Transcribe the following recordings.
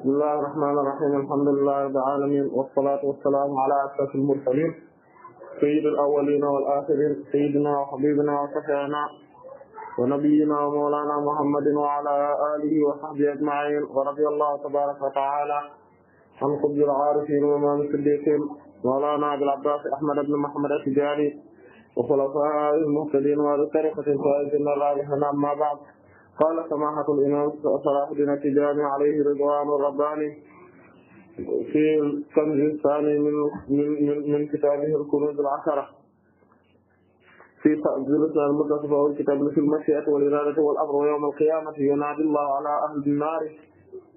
بسم الله الرحمن الرحيم الحمد لله رب العالمين والصلاة والسلام على أشرف المرسلين سيد الأولين والآخرين سيدنا وحبيبنا وشفيعنا ونبينا ومولانا محمد وعلى آله وصحبه أجمعين ورضي الله تبارك وتعالى عن قبض العارفين وإمام الصديقين مولانا عبد العباس أحمد بن محمد التجاري وخلفاء المهتدين وعلى الطريقة الفائزين الرابحين أما بعد قال سماحة الإمام صلاح الدين التجاني عليه رضوان الرباني في الكنز الثاني من من من, من كتابه الكنوز العشرة في جلسنا المتصفة والكتاب في المشيئة والإرادة والأمر ويوم القيامة ينادي الله على أهل النار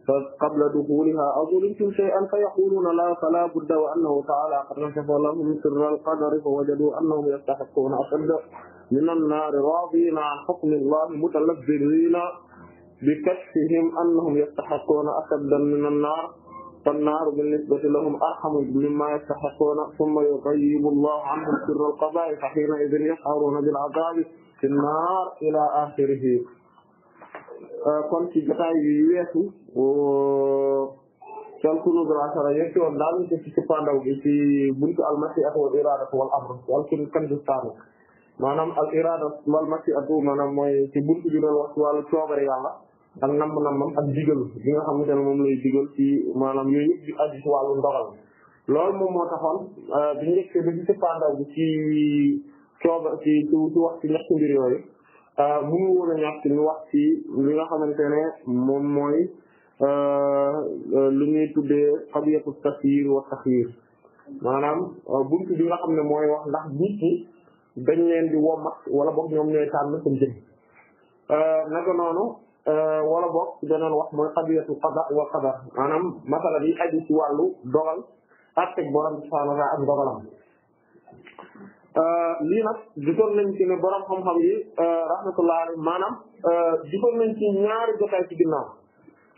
فقبل دخولها أظلمتم شيئا فيقولون لا فلا بد وأنه تعالى قد نشف لهم سر القدر فوجدوا أنهم يستحقون أشد من النار راضين عن حكم الله متلذذين بكشفهم أنهم يستحقون أشدا من النار فالنار بالنسبة لهم أرحم مما يستحقون ثم يغيب الله عنهم سر القضاء فحينئذ يشعرون بالعذاب في النار إلى آخره كنت آه، ci jotaay و weesu cal kunuzul asara yëpp yoon daal ci ci pandaw gi ci buntu al masih maanaam al irada ci mashi'atu maanaam mooy ci buntu bi doon wax ci wàllu coobare yàlla ak namm-nammam ak digal bi nga xamante ne moom lay digal ci maanaam yooyu yëpp di aju ci wàllu ndogal loolu moom moo euh, ci sëppandaw bi euh, a ñàkk wax ci li nga xamante ne moom mooy euh, lu ñuy tuddee xabiyatu tasyiir wa taxyiir maanaam buntu bi nga xam ne mooy wax ndax nit ñi dañ leen di womat wala boog ñoom ñooy tànn seen jëm naka noonu wala boog ci danoon wax mooy xabiyatu qada wa qadar maanaam masala bi aju ci wàllu dogal ak teg borom subhanahu wa ta'ala ak dogalam lii nag gisoon nañ ci ne borom xam-xam yi rahmatullah alayhi maanaam gisoon nañ ci ñaari jotaay ci ginnaaw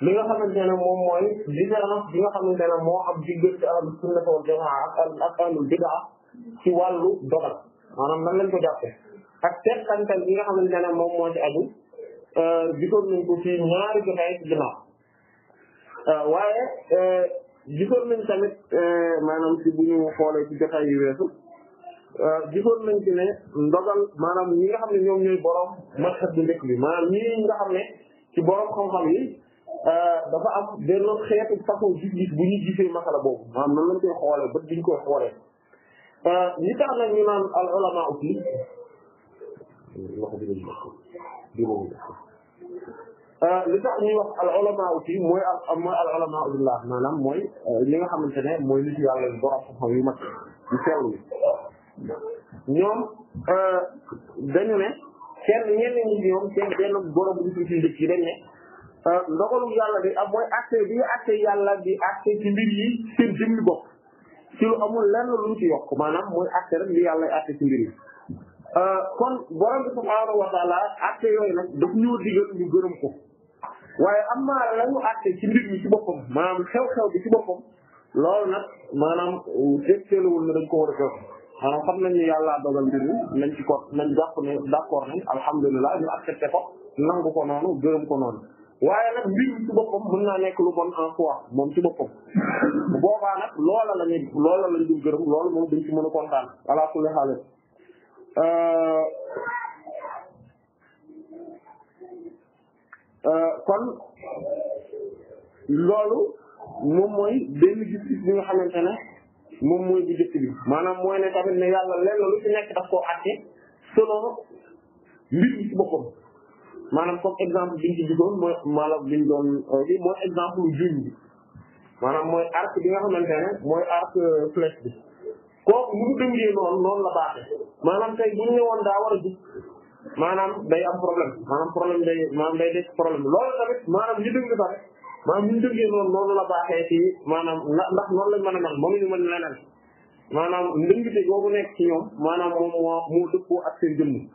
li nga xamante ne moom mooy différence bi nga xamante ne moo am diggante ahlus sunna wal jamaa ak ahlul bid'a ci wàllu dogal maanaam nan lañ ko jàppe ak teqantal yi nga xamante ne moom moo ci aju euh, gisoon nañ ko fii ñaari jotaay ci ginnaaw euh, waaye euh, gisoon nañ tamit maanaam si bu ñu xoolee ci jotaay yu weesu gisoon nañ ci ne ndogal maanaam ñi nga xam ne ñoom ñooy borom masxat bu njëkk bi maanaam ñi nga xam ne ci borom xam-xam yi dafa am benn xeetu façon gis-gis bu ñuy gisee masala boobu maanaam noonu lañ koy xoolee bët bi ñu koy xoolee ñi tax nag ñu naan al ulama aussi li tax ñuy wax al ulama aussi mooy al mooy al ulama billah maanaam mooy euh, li nga xamante ne mooy nit yàlla yu borom xam-xam yu mag yu sell ñoom euh, dañu ne kenn ñenn ñi ñoom seen benn borom bu ñu ci dëkk yi dañ ne euh, ndogalu yàlla bi am mooy acte bi acte yàlla bi acte ci mbir yi seen jëmmi bopp ci lu amul lenn lu mu ci yokk maanaam mooy àtte rek li yàlla àtte euh, kon borom bi yooyu nag daf ñoo digal ñu gërëm ko waaye am na lañu àtte ci mbir mi maanaam xew-xew bi ci boppam loolu nag maanaam tegteeluwul ne dañ ko war a jox maanaam xam nañ ne yàlla dogal mbir mi nañ ci ko nañ jàpp ne d'accord nañ alhamdulilah ñu accepté ko nangu ko noonu gërëm ko noonu waaye nag mbir ci boppam mën naa nekk lu bon en soi moom ci boppam bu boobaa nag loola la ñu loola lañ dul gërëm loolu moom dañ ci mën a kontaan ala kulli haal euh, euh, kon loolu moom mooy benn gis-gis bi nga xamante ne moom mooy bu jëkk bi maanaam mooy ne tamit ne yàlla lenn lu ci nekk daf koo àtte selon mbir mi ci boppam maanaam comme exemple bi ñu ci diggoon mooy maanaam li ñu doon lii euh, mooy exemple lu juñ bi maanaam mooy arc bi nga xamante ne mooy arc euh, flèche bi kooku mu dëngee noonu noonu la baaxee maanaam tey bu daa war a jub day am problème maanaam problème day maanaam day nekk problème loolu tamit maanaam ñu dëng sax maanaam ñu dëngee noonu noonu la baaxee ci maanaam ndax noonu lañ mën a mel mënuñu mën leneen maanaam ndëngte googu nekk ci ñoom maanaam moom moo moo dëppoo ak seen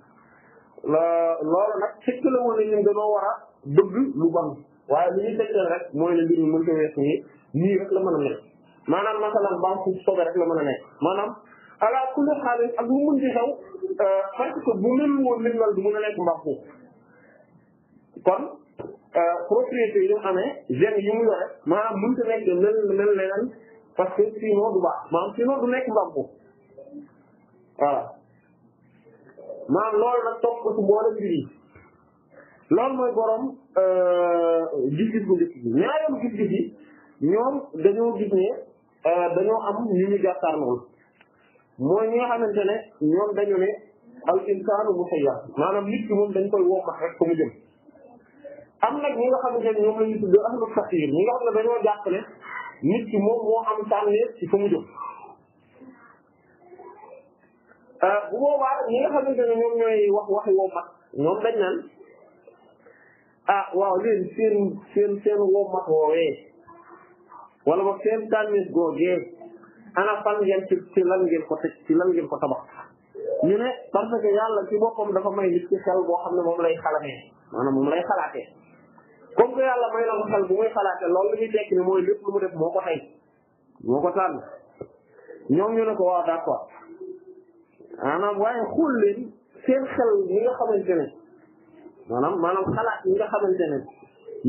loolu nag fekk la woon ne ñun dañoo a bëgg lu bon waaye li ñuy fekkeel rek mooy ne mbir mi mën ko weesu rek la mën a nekk maanaam masalan ban fu sobe rek la mën a nekk maanaam ala kulli xaalis ak lu mën ci euh, parce que bu mel woon lim lal du mën a nekk mbaam xuux kon euh, propriété yi ñu amee gènes yi mu yore maanaam mën ta nekk mel mel leneen parce que sinon du baax maanaam sinon du nekk mbaam xuux voilà maanaam lool nag toog ko ci boole mbir yi loolu mooy borom euh, gis-gis bu njëkk bi ñaareelu gis-gis yi ñoom dañoo gis ne euh, dañoo am ñu ñu jàkkaarlool mooy ñi nga xamante dañ koy wommat rek ko mu jëm am nag ñi nga xamante ne ñoom la ñu tudd ahlu faqiir ñi nga xam ne dañoo mu jëm Euh, bu boobaa ñi nga xamante ne ñoom ñooy wax waxi wommat ñoom dañ naan ah waaw léen seen seen seen wommat woowee wala boog seen tànnis googee ana fan ngeen ci ci lan ngeen ko teg ci lan ngeen ko tabax ñu ne parce que yàlla ci boppam dafa may nit ci xel boo xam ne moom lay xalamee maanaam moom lay xalaatee comme que yàlla may na ko xel bu muy xalaatee loolu li muy tekki ne mooy lépp lu mu def moo ko tey moo ko tànn ñoom ñu ne ko waaw d'accord maanaam waaye xool leen seen xel yi nga xamante ne maanaam maanaam xalaat yi nga xamante ne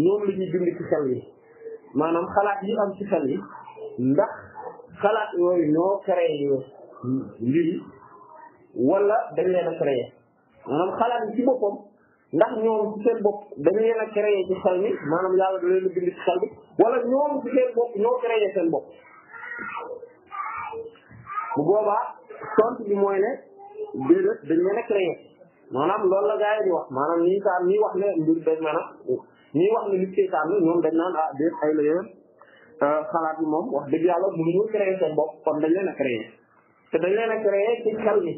ñoom la ñuy dund ci xel yi maanaam xalaat yi am ci xel yi ndax xalaat yooyu ñoo créé mbir yi wala dañ leen a créé maanaam xalaat yi ci boppam ndax ñoom ci seen bopp dañ leen a yi ci xel mi maanaam yàlla da leen a bind ci xel bi wala ñoom ci seen bopp ñoo créé seen bopp bu boobaa tontu bi mooy ne déedéet dañ leen a la gars di wax maanaam ñii taan ñii wax ne mbir dañ wax ne li seytaan la ñoom dañ naan ah déet xëy na yéen euh, xalaat yi moom wax dëgg yàlla mënuñu créé seen bopp kon dañ leen a créé te dañ leen a créé ci xel bi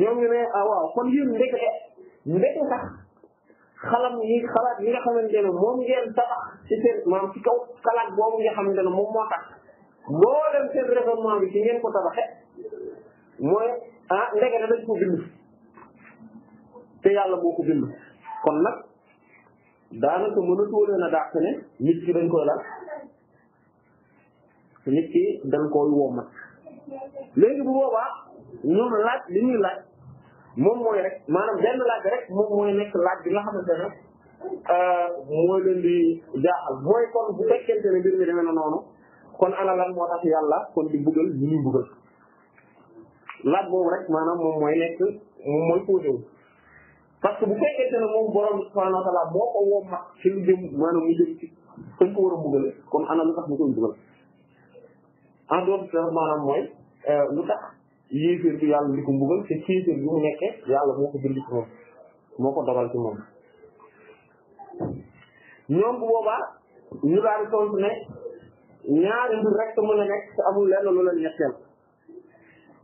ñoom ñu ne ah waaw kon yéen ndekete ndeke sax xalam yi xalaat yi nga xamante ne moom ngeen tabax ci seen maanaam ci kaw xalaat boobu nga xamante ne moom moo tax boo dem seen raisonnement bi ci ngeen ko tabaxee mooy ah ndekete dañ ko bind te yàlla boo ko bind kon nag daanaka mënatoo leen a dàq ne nit ki dañ koy laal nit ki dañ koy womat léegi bu boobaa ñoom laaj li ñuy laaj moom mooy rek maanaam benn laaj rek moom mooy nekk laaj bi nga xamante ne euh, mooy leen di jaaxal mooy kon bu fekkente ne mbir mi demee noonu kon ana moo tax yàlla kon di buggal ñu laa boobu rek maanaam moom mooy nekk moom mooy posé wu parce que bu fekkente moom borom subhaanahu wa ta'aala moo ko woo mat ci mu jëm ci dañ ko war a kon ana lu tax ñu koy dugal en dehors de maanaam mooy euh, lu tax yéeféer mu nekkee yàlla moo ko bind ci moom moo ko dogal ne ñaari mbir rek mën a nekk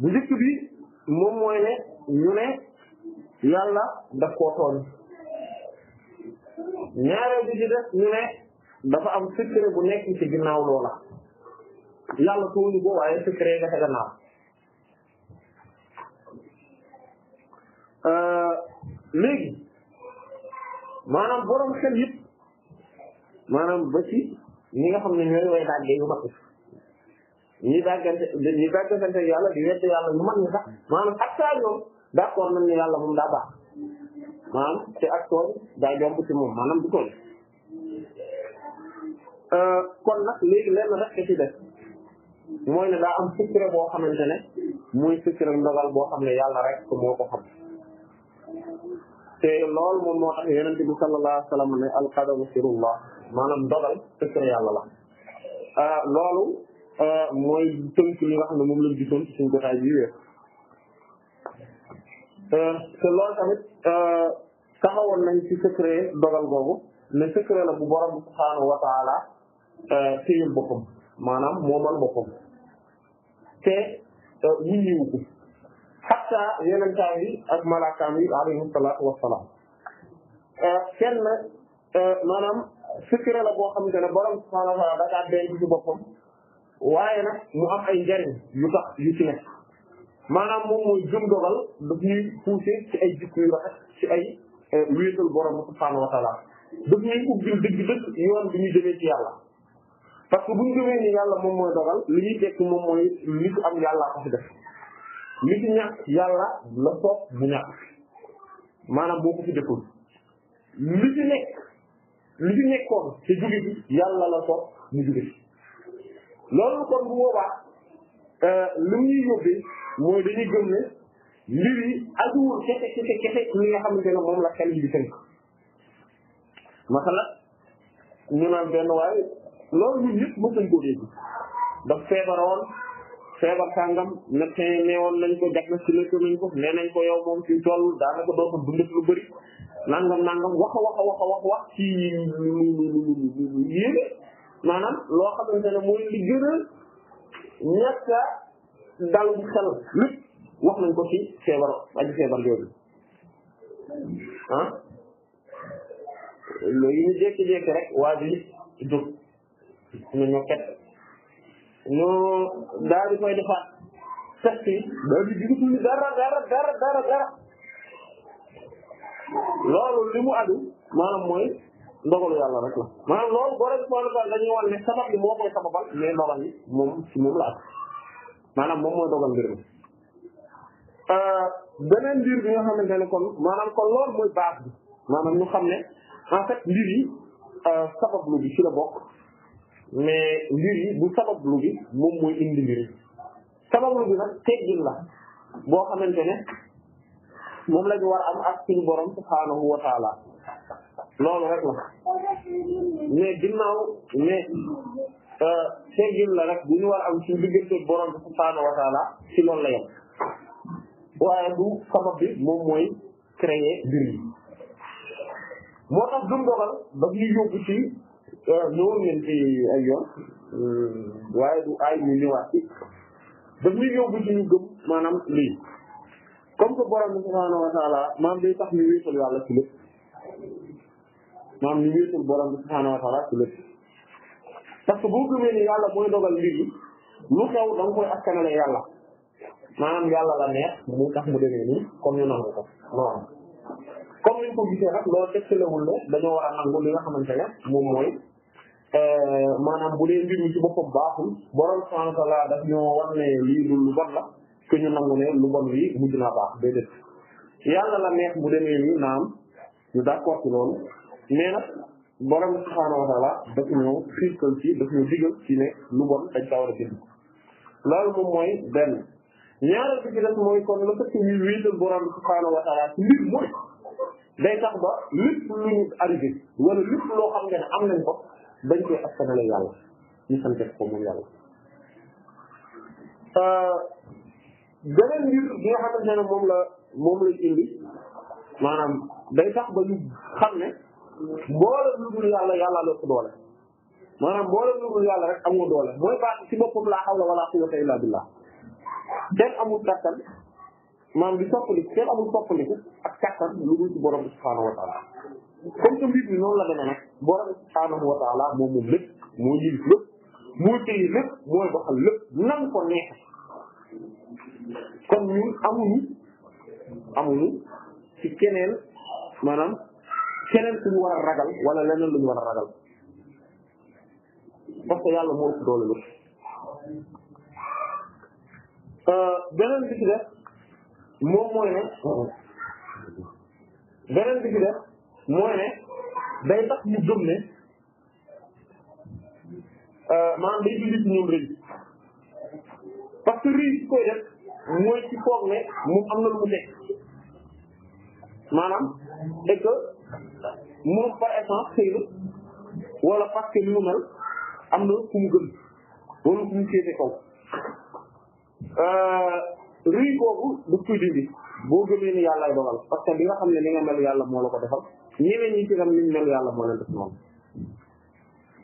bu njëkk bi moom mooy ne ñu ne yàlla la koo tooñ ñaareel ñu ne dafa am secret bu nekk ci ginnaaw loola yàlla tooñu ko waaye secret nga ca gannaaw euh, léegi maanaam borom xel yëpp maanaam ba ci ñi nga xam ne ñooy way daggee yu mag ñi dàggante ñi dàggante yàlla di wedd yàlla ñu mën ñu sax maanaam ak ñoom d'accord nañ ne yàlla moom daa baax maanaam te ak tooñ daa jomb ci moom maanaam du tooñ euh, kon nag léegi lenn rek ci def mooy ne daa am secret boo xamante ne muy secret ndogal boo xam ne yàlla rek moo ko xam te loolu moom moo tax yonent bi sallallahu alayhi wa sallam ne al qadaru sirullah maanaam ndogal secret yàlla la euh, loolu Euh, mooy tënk li nga xam ne moom lañ gisoon ci suñu jotaay bi wees euh, te loolu tamit euh, taxawoon nañ ci secret dogal googu ne secret la bu borom subhaanahu wa taala téyul boppam maanaam moomal boppam te wuññiwu ko xatta yenentaam yi ak malaakaam yi alayhim salaatu wassalaam kenn maanaam secret la boo xamante ne borom subhaanahu wa taala da kaa denc boppam waaye nag mu am ay njariñ yu tax yu ci nekk maanaam moom mooy gëm dogal daf ñuy pousser ci ay jikko yu rafet ci ay euh, wéetal borom subhaanahu wa taala daf ñuy ubbil dëgg-dëgg yoon bi ñu jëmee ci yàlla parce que bu ni yàlla moom mooy dogal li ñuy tekk moom mooy am yàllaa ko fi def li ci ñàkk yàlla la soog bu ñàkk maanaam boo ko fi deful ci nekk li ci nekkoon te jóge bi yàlla la soog mu jóge loolu kon bu boobaa li ñuy yóbbee mooy dañuy gëm ne mbir yi ajuwul kese kese kese li nga xamante ne moom la xel yi di tënk masala ñu naan benn waaye loolu ñun ñëpp mën nañ koo dégg daf feebaroon feebar sàngam médecin neewoon nañ ko diagnostiqué ko nañ ko nee nañ ko yow moom ci toll daanaka doo ko dundati lu bëri nangam nangam wax a wax a wax a wax wax ci lu lu lu lu yéeme maanaam loo xam ne mooy li gën a ñàkk a dalum xel lépp wax nañ ko ci feebar aji feebar jooju ah léegi ñu jékki-jékki rek waa ji jóg ñu ñoo ket ñu daal di koy defaat test yi daal di digatuñu dara dara dara dara dara loolu li adu maanaam mooy ndogalu yàlla rek la maanaam loolu boo rek subhaanahu wa ta'aala dañuy ne sabab bi moo koy sababal mais ndogal yi moom si moom la ak maanaam moom mooy dogal mbir mi euh, beneen mbir bi nga xamante ne kon maanaam kon loolu mooy baax bi maanaam ñu xam ne en fait mbir yi euh, sabablu ci la bokk mais mbir yi bu sabablu bi mooy indi mbir sabablu bi nag teggin la boo xamante ne moom la ñu war am ak suñu borom subhaanahu wa ta'aala loolu rek la mais ginnaaw mais euh, teggin la rek bu ñu war am suñu diggante borom subhaanahu wa taala ci loolu la yem waaye du sabab bi moom mooy créer mbir yi moo tax duñ dogal daf ñuy yóbbu ci euh, ñëwoon ngeen ci ay yoon euh, waaye du ay ñu ñëwaat ci daf ñuy yóbbu ci ñu gëm maanaam lii comme que borom subhaanahu wa maam day tax ñu wéetal yàlla ci lépp maanaam ñu wéetal borom bi subhaanahu wa ta'ala ci lépp parce que boo gëmee ni yàlla mooy dogal mbir yi lu xew da nga koy askanale yàlla maanaam yàlla la neex mu tax mu demee nii comme ñu nangu ko noonu comme niñ ko gisee nag loolu tegtalewul ne dañoo war a nangu li nga xamante ne moom mooy euh, maanaam bu dee mbir mi ci boppam baaxul borom subhaanahu wa ta'ala daf ñoo war ne lii du lu bon la que ñu nangu ne lu bon lii mujj naa baax déedéet yàlla la neex mu demee nii naam ñu d'accord ci loolu mais nag borom subhaanahu wa daf ñu xiirtal ci daf ñu digal ci ne lu bon dañ kaa war a jënd loolu moom mooy benn ñaareel bi ci des mooy kon la fekk ñu wéetal borom subhaanahu wa taala ci mbir mooy day tax ba lépp lu ñu arrivé wala lépp loo xam ne am nañ ko dañ koy askanale yàlla ñu sante ko moom yàlla. Euh, beneen mbir bi nga xamante ne moom la moom lay indi maanaam day tax ba ñu xam ne. mboolem lu dul yàlla yàlla la ko doole maanaam mboolem lu dul yàlla rek amoo doole mooy baat ci boppam laa hawla wala quwwata illa billah kenn amul kattan maanaam di soppali kenn amul soppaliku ak kattan lu dul ci borom bi subhaanahu wa taala comme que mbir mi noonu la demee nag borom bi subhaanahu wa taala moom moom lépp moo yilif lépp moo téye lépp mooy doxal lépp nan ko neexe kon ñun amuñu amuñu ci keneen maanaam. keneen suñu war a ragal wala leneen lu war a ragal parce yàlla moo ëpp doole lépp euh, beneen bi ci def moom mooy ne beneen bi ci def mooy ne day tax ñu gëm ne euh, maanaam day dindi ci ñoom rëy parce rëy bi koy def mooy ci foog ne moom am na lu mu nekk maanaam et moom par essence xëy na wala mu mel am na ku mu gën wala ku mu féete kaw euh, rëy boobu daf koy dindi boo gëmee ni yàllaay dogal parce bi nga xam ne ni nga mel yàlla moo la ko defal ñeneen ñi ci tam ni mel yàlla moo leen def noonu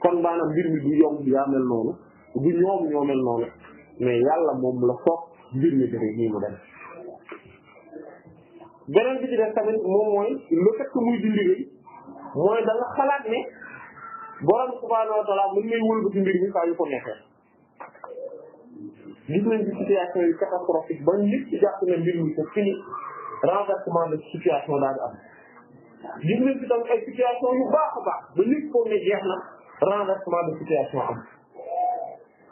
kon maanaam mbir mi du yomb yaa mel noonu du ñoom ñoo mel noonu mais yàlla moom la foog mbir mi dafay nii mu dem beneen bi ci def tamit moom mooy le fait que muy dindi rëy mooy da nga xalaat ne borom subhaanahu wa ta'aala mën ngay wëlbati mbir mi saa yu ko neexee. gis nañ ci situation yu catastrophique ba nit ci jàpp ne mbir mi c'est fini renversement de situation daal di am. gis nañ ci tam ay situation yu baax a baax ba nit foog ne jeex na renversement de situation am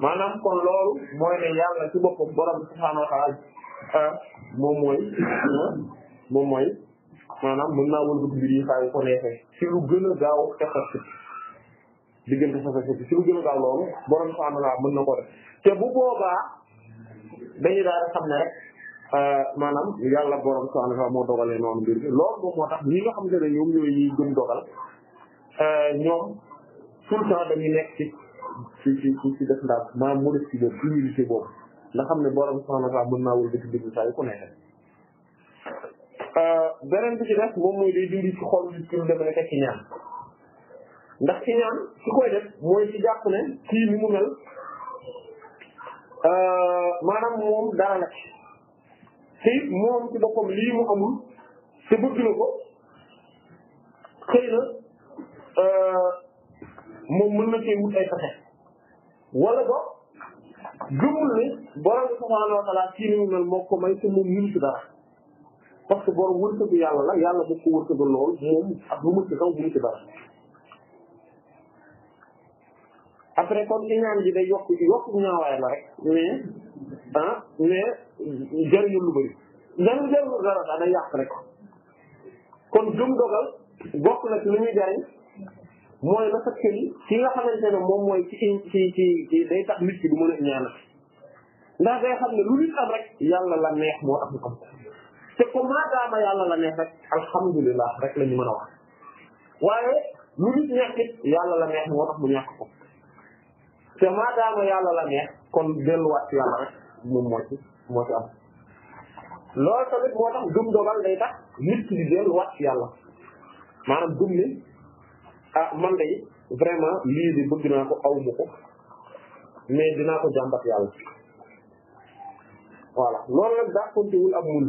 maanaam kon loolu mooy ne yàlla ci boppam borom subhaanahu wa ta'aala ah, moom mooy. moom mooy maanaam mën naa wëlbati mbir yi saa yu ko neexee ci lu gën a gaaw xefat si diggante xefat si ci lu gën a gaaw loolu borom subhaanahu wa ta'aala mën na ko def te bu boobaa dañuy daal xam ne rek euh, maanaam yàlla borom subhaanahu wa ta'aala moo dogalee noonu mbir bi loolu moom moo tax ñi nga xam ne ñoom ñooy ñuy gëm dogal euh, ñoom tout le temps dañuy nekk ci ci ci ci def ndax maanaam modestie boobu humilité boobu nga xam ne borom subhaanahu wa ta'aala mën naa wëlbati mbir yi saa yu ko neexee Euh, beneen bi ci def moom mooy day dindi ci xol nit ki lu demee ci ñaan ndax ci ñaan ci koy def mooy ci jàpp ne kii ni mu mel euh, maanaam moom dara la ci moom ci boppam lii mu amul te bëgg na ko xëy na euh, moom mën na cee wut ay pexe wala ba gëmul ne borom subhaanahu wa ta'aala ni mu mel moo ko may te moom mënu ci dara. parce que borom wërsëgu yàlla la yàlla daf ko wërsëgal lool moom ak lu mu ci kaw bu ci dara après kon iñaan ji day yokk yokk ñaawaay la rek mais ah, mais jëriñu lu bëri jëriñu jëriñu dara daa day yàq rek kon gëm dogal bokk na ci lu ñuy jariñ mooy la fekk ni ki nga xamante ne moom mooy ci ci ci day tax nit ki du mën a ñaanal ndax day xam ne lu nit am rek yàlla la neex moo am ko te ko maadaama yàlla la neex rek alhamdulilah rek la ñu mën a wax waaye lu nit nekk yàlla la neex moo tax mu ñàkk ko te maadaama yàlla la neex kon delluwaat ci yàlla rek moom moo ci moo ci am loolu tamit moo tax gëm dogal day tax nit ki di delluwaat ci yàlla maanaam gëm ni ah man day vraiment lii di bëgg naa ko aw ma ko mais dinaa ko jàmbat yàlla voilà loolu nag daa kontiwul ak mun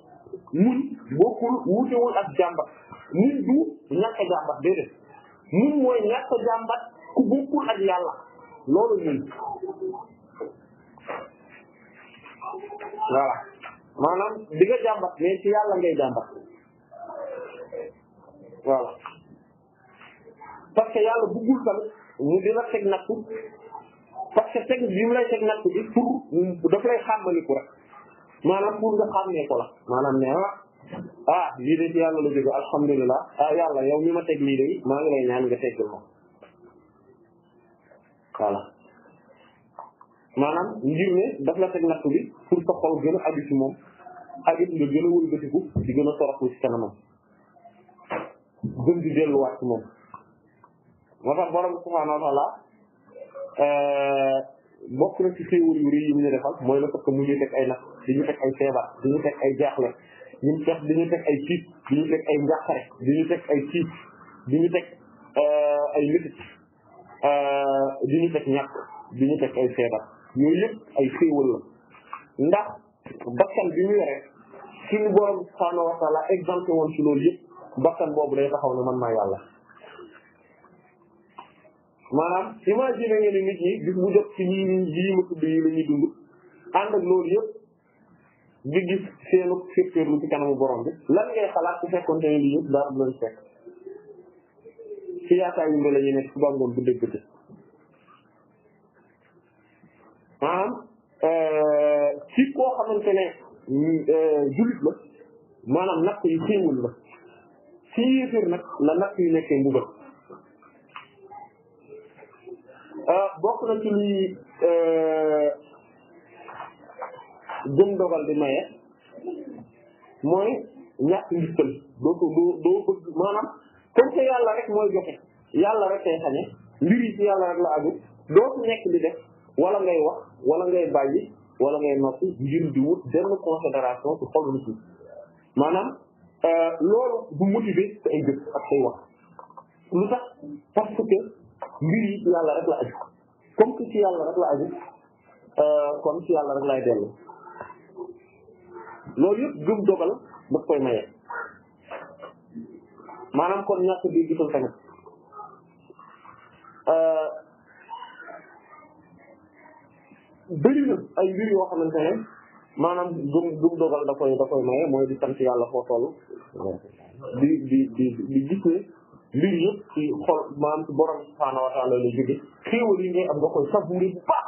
muñ bokkul wutewul ak jàmbat muñ du ñàkk a jàmbat déedéet muñ mooy ñàkk a jàmbat ku bokkul ak yàlla loolu muñ voilà maanaam di nga jàmbat mais yàlla ngay jàmbat voilà parce que yàlla bëggul tamit mu dina teg nattu parce que teg bi mu lay teg nattu bi pour daf lay xàmmaliku rek maanaam pour nga xàmmee ko la maanaam ne ah, ah lii de ci yàlla la jóge alhamdulilah ah yàlla yow mi ma teg lii de maa ngi lay ñaan nga teggal ma voilà maanaam ngir ne daf la teg natt bi pour sa xol gën a aju ci moom aju nga gën a wëlbatiku di gën a toroxlu ci kanamam gën di delluwaat ci moom moo tax borom subhaanahu wa ta'ala eh, bokk na ci xéewal yu rëy yi mu ñu defal mooy la fekk mu ñuy teg ay natt di ñu teg ay feebar di ñu teg ay jaaxle di ñu teg di ñu ay tiit di ñu teg ay njàqare di ñu teg ay tiit di ñu teg euh, ay métit euh, di ñu teg ñàkk di ay feebar yooyu yëpp ay xéewal la ndax bakkan bi ñu yore suñu borom subhaanahu wa taala exempté woon ci loolu yëpp bakkan boobu day taxaw ne man maa yàlla maanaam imagine ngeen nit ñi bis bu jot ci ñi lii ma tudd yi la loolu yëpp nga gis seenu firtéerlu ci kanamu borom bi lan ngay xalaat su fekkoon te lii yëpp dara du leen fekk ci yu mbele yi nekk suba ngoon bu dëgg dëgg maanaam euh, koo xamante ne euh, jullit la maanaam natt yi xéewul la ci yéeféer nag la natt yi nekkee mbugal euh, bokk na ci lii gëm dogal di maye mooy ñàkk ngistal doo ko doo doo bëgg maanaam comme que yàlla rek mooy joxe yàlla rek la aju doo ko nekk di def wala ngay wax wala ngay bàyyi wala ngay noppi ngir di wut benn considération ci xolu nit maanaam euh, loolu du motiver sa ay jëf ak say wax lu tax parce que mbir yi ci yàlla rek la aju comme que ci yàlla rek la aju euh, kon ci yàlla rek lay dellu loolu yëpp gëm dogal daf koy maye maanaam kon ñàkk bi gisul tamit euh, bëri na ay mbir yoo xamante ne maanaam gëm gëm dogal da koy da maye mooy di sant yàlla foo toll di di di di gis ne mbir yëpp ci xol maanaam ci borom subhaanahu wa taala lay am nga koy savouré bu baax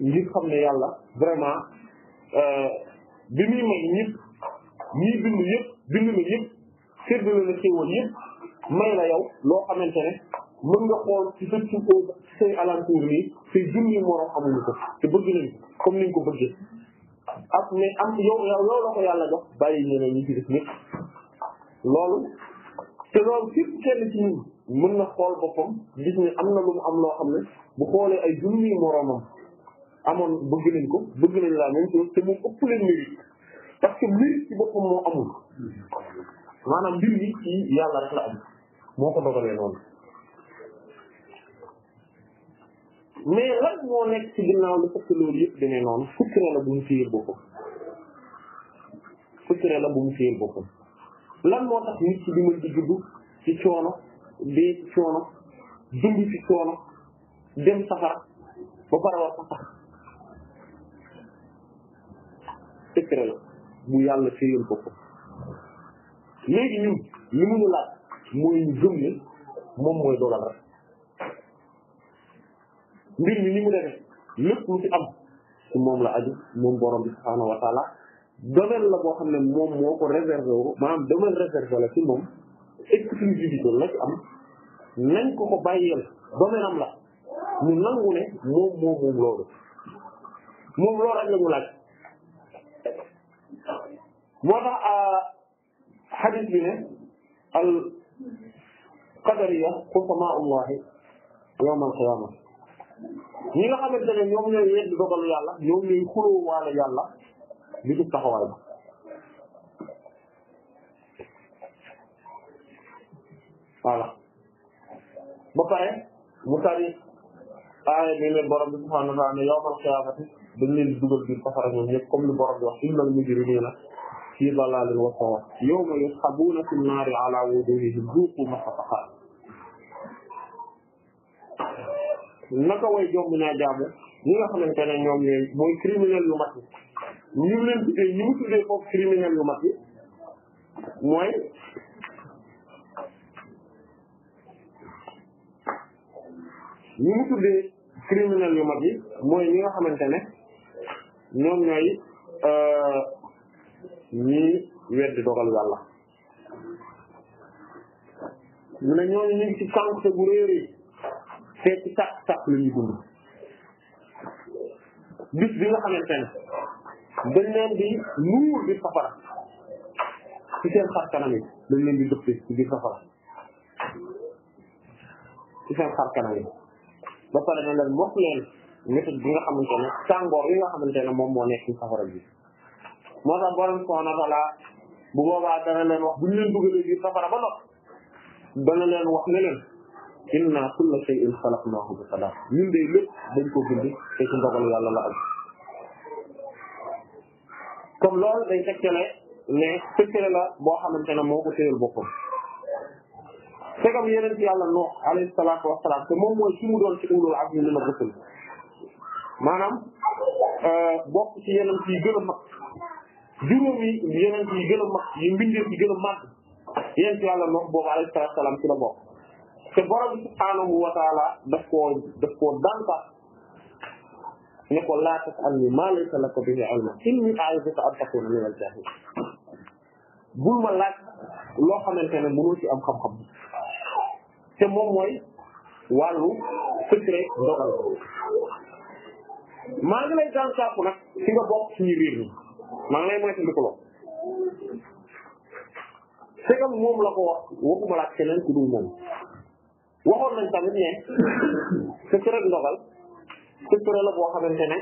ngir xam ne yàlla vraiment euh, bi muy may ñëpp ñiy bind yëpp bind na yëpp séddale na xéewal yëpp may la yaw loo xamante ne mën nga xool ci sa ci say alentour yi say junni moroom amuñu ko te bëgg nañ comme niñ ko bëggee ak am yow yow la ko yàlla jox bàyyi ñeneen ñi ci def ñëpp loolu te loolu képp kenn ci ñun mën na xool boppam gis ne am na lu am loo xam ne bu xoolee ay junni moroomam amoon bëgg nañ ko bëgg nañ la même te moom ëpp leen mérite parce que mérite ci boppam moo amul maanaam mbir mi ci yàlla rek la am moo ko dogalee noonu mais lan moo nekk ci ginnaaw lu fekk loolu yëpp demee noonu secret la bu mu téyeel boppam secret la bu mu téyeel boppam lan moo tax nit ci di mën di ci coono dee ci coono dund ci coono dem safara ba pare war fa sax secret la bu yàlla téyal boppam léegi ñun li mu ñu laaj mooy ñu gëm ne moom mooy dogal rek mbir mi ni mu demee lépp lu ci am ci moom la aju moom borom bi subhaanahu wa domaine la boo xam ne moom moo ko réservé wu domaine réservé la ci moom exclusivité la ci am nañ ko ko bàyyeel domaine am la mu nangu ne moom moom loolu moom loolu rek la ñu وضع حديثنا القدرية قصماء الله يوم القيامة نيلا خمسة من يوم لا يد بقول يلا يوم يخلو ولا يلا بيجي تحوال فلا بقاية مصاري آية من البرم سبحانه وتعالى يوم القيامة بالليل دوجل بالكفر من يكمل البرم وحيل المجرمين fii dalaalin wa sawa yawma yushabuuna fi nnaari alaa wujuuhihim zuuquu masata xaal naka way jomb ñaa jaamu ñi nga xamante ñoom ñooy mooy criminel yu mag yi ñu mu tuddee foofu criminel yu mag yi mooy ñu mu tuddee criminel yu mag yi mooy ñi nga xamante ne ñoom ñooy euh, ñii weddi dogal yàlla ñu ne ñooñu ñu ci sànq bu réeré te ci sàq sàq la ñuy dund bis bi nga xamante ne dañ leen di nuur di safara ci seen xar kanam di dëppee ci biir safara ci seen xar kanam yi ba pare na leen wax leen méthode bi nga xamante ne tàngoor yi nga xamante ne moom moo nekk ci safara bi moo tax borom subhaanahu wa ta'aala bu boobaa dana leen wax bu ñu leen dugalee biir safara ba noppi dana leen wax ne leen inna kulla shay'in khalaqnaahu bi qadar ñun de lépp dañ ko bind te ci ndogal yàlla la am comme loolu day tegtale ne tegtale la boo xamante ne moo ko téyel boppam te comme yeneen ci yàlla Nuux alayhi salaatu wa salaam te moom mooy ci mu doon ci ulul azmi mina rusul maanaam euh, bokk ci yeneen ci gën juróomi yeneen yi gën a mag yi mbindeef yi gën a mag yéen ci yàlla noonu boobu alayhi salaatu salaam ci la bokk te borom subhaanahu wa daf koo daf koo dàmpaat ko laa tas'alnii maa laysa laka bihi ilmun innii a'izuka an takuuna minal jaahiliin bul ma laaj loo xamante ne mënoo ci am xam-xam te moom mooy wàllu secret ndogal maa ngi lay dànkaaku nag ci nga bokk suñu réer mi. maa ngi lay moytandiku lool. c'est moom la ko wax waxuma la ak ku dul moom waxoon nañ tamit ne secret ndogal secret la boo xamante ne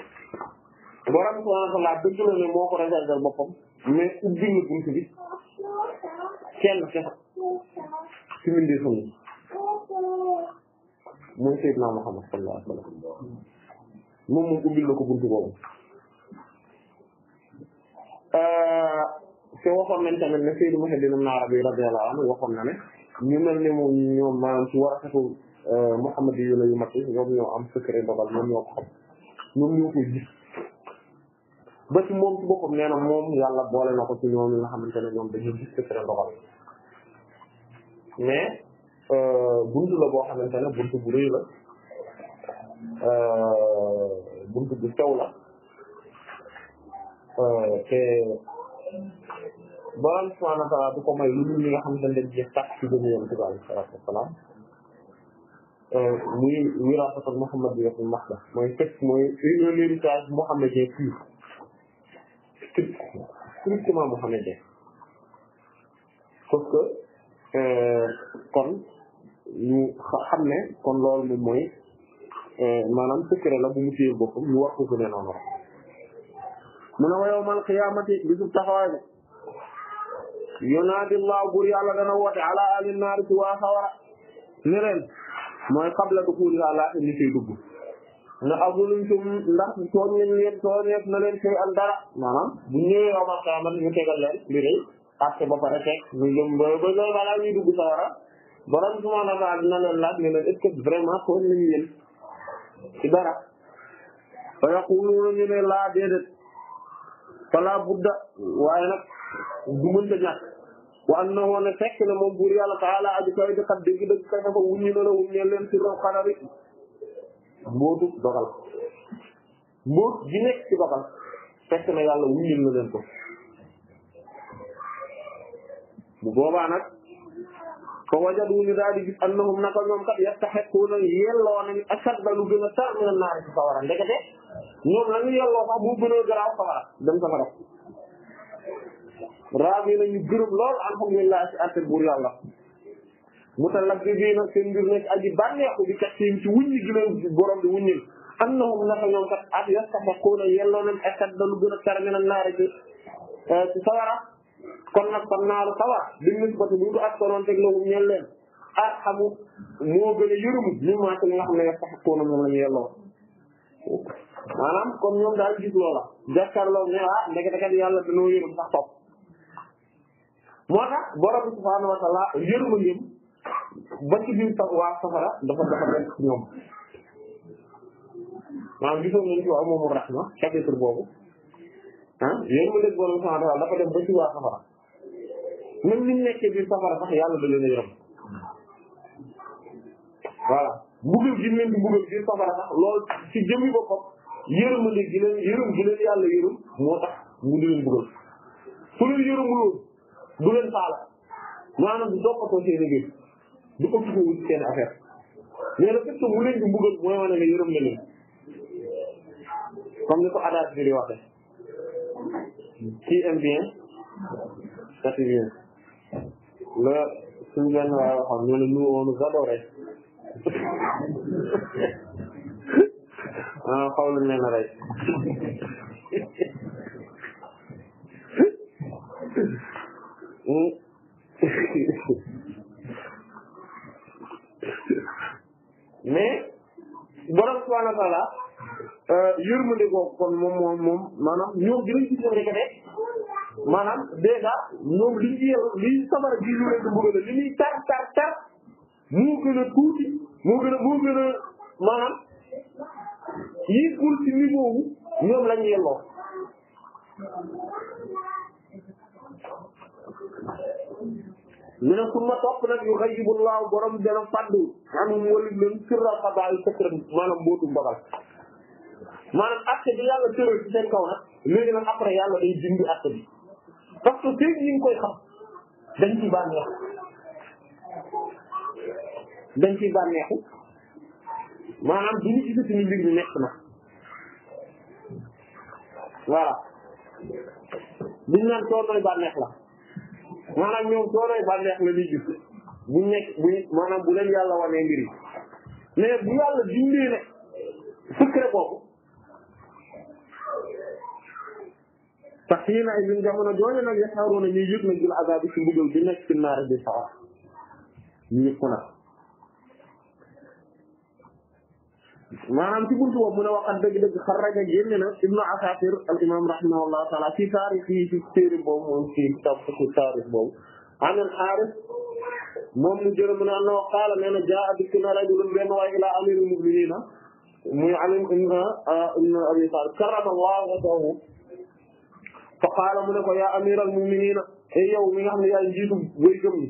borom la ne moo ko réserver boppam mais ubbi na bunt bi kenn sax ci mindi sunu mooy Seydina Muhammad sallallahu alayhi wa sallam ko Euh, te waxoon nañ tamit ne Sayyid Muhammad ibn Arabi radiyallahu anhu waxoon na ne ñu mel ni moom ñoom maanaam ci warasatu euh, Muhammad yu la yu mag yi ñoom am secret dogal ñoom ñoo ko xam ñoom yàlla boole ko ci ñoom yi gis secret dogal mais euh, buntu la boo xamante ne buntu bu rëy la buntu bu sew la. Euh, te borom subhanahu wa taala du ko may lu dul li nga xamante ne dañuy tax ci gëm Yonent bi alayhi salaatu wa salaam euh, muy wiraasatul muhammadiyyatul mahda mooy fekk mooy un héritage mohammédien pur strictement mohammédien sauf que euh, kon ñu xam ne kon loolu moom mooy maanaam secret la bu mu téye boppam ñu wax ko ne noonu rek mu ne wa yawmal qiyaamati bisub taxawaay ba yunaadi llaahu buur yàlla dana woote ala ahli naari ci waa sawara ne leen mooy qabla duxuulihaa laata ñu koy dugg ne azlimtum ndax tooñ nañ leen tooñeef na leen koy an dara maanaam bu ñëwee yawmal qiyaamati ñu tegal leen mbiri parce ba pare teg ñu jëm ba ba ñëw balaa ñuy dugg sawara borom subhaanahu wa ta'aala dina leen ne leen est-ce que vraiment tooñ nañ leen ci dara fa yaquluuna ne laa déedéet fala budda waaye nag du mën da ñàkk wa annahu ne fekk na moom buur yàlla taala aju kaw di xat dëgg dëgg kay dafa wuññi na la wuññee leen ci raw xadari mbootu dogal mboot gi nekk ci dogal fekk na yàlla wuññil na leen ko bu boobaa nag fa wajadu ñu daal di gis annahum naka ñoom kat yastahiquna yelloo nañu ashadda lu gën a tar mina naari ci sawara ndekete ñoom la ñu yelloo sax bu gënoo garaaw safara dem safara raab yi nañu gërëm lool alhamdulilah ci àtte buur yàlla mutallabbibiina seen mbir nekk aji bànneexu bi kat seen ci a borom bi a tar min eh, ci sawara kon nag kon naaru sawara bi nisbati bu ñu ko askanoon teg lahum ñeel leen arhamu moo gën a yërëmu mimmaa ci li nga xam ne yastahiquuna moom la ñu maanaam comme ñoom daal gis loola jàkkaarloo ne ah ndeketeket yàlla dañoo yërëm sax topp moo tax borom bi subhaanahu wa taala yërma ngëm ba ci biir sax waa safara dafa dafa ah, bi subhaanahu wa taala dafa dem ba ci waa safara même ni mu nekkee biir safara sax yàlla da leen a yërëm mbugal gi leen di mbugal biir safara sax loolu ci jëmmi boppam yërëmande gi leen yërëm gi leen yàlla yërëm moo tax mu di leen mbugal su leen yërëmuloon du leen saala maanaam du toppatoo seen liggéey du occupé wu seen affaire mais le fait que mu leen di mbugal mooy wane ne yërëm na leen comme ni ko adage bi di waxe qui aime bien châtie bien la suñu benn waaye waxoon ne nous on nous adorait ah xaw ma leen a rey mais borom subhanahu wa ta'ala euh, yërmande googu kon moom moom moom maanaam ñoom dinañ gis ne que ne maanaam déjà ñoom liñ ci yàlla liñ sabara ji ñu li ñuy tar tar tar moo gën tuuti. moo gën a moo gën a maanaam yéegul ci niveau wu ñoom lañ yelloo ñu ne su topp nag yu xayibu borom dana fàddu anum walit leen sirra xabaay secret maanaam mbootum mbagal maanaam acte bi yàlla tëral seen kaw nag léegi nag après yàlla day dindi acte bi parce que feeg ngi koy xam dañ ci bànneex dañ ciy bànneexu maanaam du ñu gisati ni mbir mi nekk na voilà duñ naan coonoy bànneex la maanaam ñoom coonoy bànneex la liy gis bu nekk bu maanaam bu leen yàlla wanee mbir yi mais bu yàlla dindee ne secret boobu tax yi naay biñ jamono jooju nag yaakaaroon na ñuy yëg nañ dul azab bi ci mbugal nekk ci naara bi sawar ñu yëg ko nag maanaam ci buntu boobu mu ne waxat dëgg-dëgg xaraja génne na ibnu asakir al imam rahimahullah taala ci taarix yi ci téere boobu moom ci tab ci taarix boobu anal xaaris moom mu jërë mu ne am na wax xaala nee na jaa dikk na rajulun benn waay ila amirul muminina muy alim ibn ibn abi talib karamallahu wajhahu fa qaala mu ne ko yaa amiral muminina e yow mi nga xam ne yaay njiitu boy gëm ni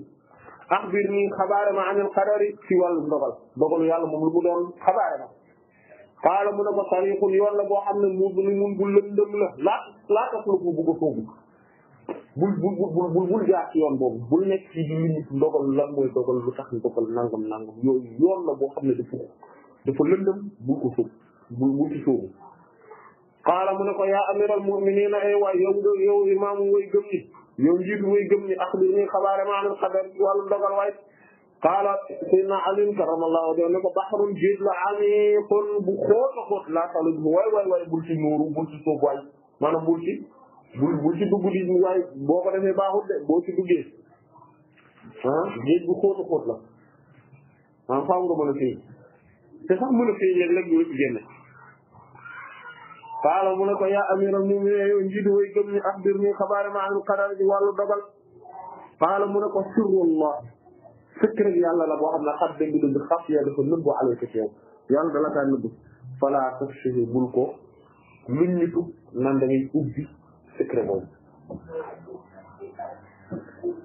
axbir ni xabaare ma anil qadari ci wàllu dogal dogalu yàlla moom lu mu doon xabaare ma xaala mu ne ko tariqun yoon la boo xam ne mu bu mun la laa laataf la ko a soobu bul bul bul bul bul jaar yoon boobu bul nekk ci di limit ndogal lan mooy dogal lu tax ñu dogal nangam yoon la boo xam ne dafa dafa lëndëm bul ko bul bul ci sóobu mu ne ko yaa amiral mu'minin ay yow yow imaamu way ni yow njiitu way gëm ni axbir ni xabaare maanal xadar wàllu dogal waay qaala sayyidina Ali karamallahu wajhahu ne ko bahrun géej la amiqun bu xóot a xóot laa taluj waay waay waay bul ci nuuru bul ci suuf waay maanaam bul ci bul boo ko defee baaxul de boo ci duggee ah géej bu xóot a xóot la maanaam faaw nga mën a téye te sax mën a téye léeg-léeg ñu ci génne. qaala ko yaa amiral mu'minin yow njiitu way gëm ni axbir ni xabaar ma anil qadar ci wàllu dogal qaala mu ne ko sirrullah secret yàlla la boo xam ne xat dëgg dëgg xaf ya dafa nëbbu alayka ci yow yàlla dala kaa nëbbu fala tafshihi bul ko luñ nitu nan da ngay ubbi secret boobu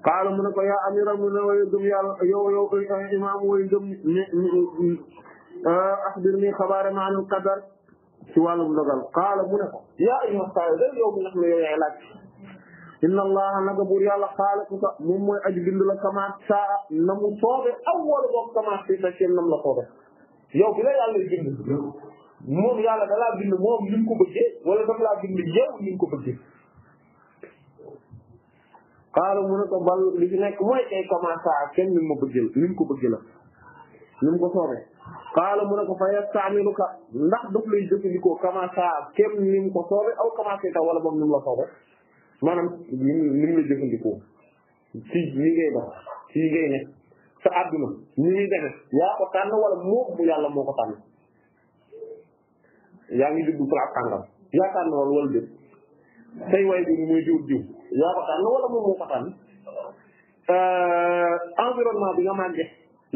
qaala mu ne ko yaa amiral mu ne way gëm yàlla yow yow imam way gëm axbir ni xabaare ma anil qadar ci wàllum ndogal qaala mu ne ko yaa ayyuha saa'il yow mi nga xam ne yow yaay laaj inna allaha naga buur yàlla xaaliqu ka moom mooy aji bind la kamaat saa na mu soobe aw wala boog kamaat fii sa seen nam la soobe yow bi la yàlla bind moom yàlla da laa bind moom ni mu ko bëggee wala daf laa bind yow ni mu ko bëggee xaala mu ne ko bal li fi nekk mooy kay kamaat saa kenn ni mu bëggee la ni mu ko bëggee la ni mu ko soobee xaala mu ne ko fa yasta'milu ka ndax daf lay jëfandikoo kamaat saa kenn ni mu ko soobe aw kamaat fii ta wala boog ni mu la soobe maanaam lim la jëfandikoo ci yi ngay dox ci yi ngay nekk sa àdduna ñi muy def yaa ko tànn wala moom yàlla moo ko tànn yaa ngi dugg place tàngam yaa tànn wala wala déet say way bi mooy jiw jiw yaa ko tànn wala moom moo ko tànn euh, environnement bi nga màgge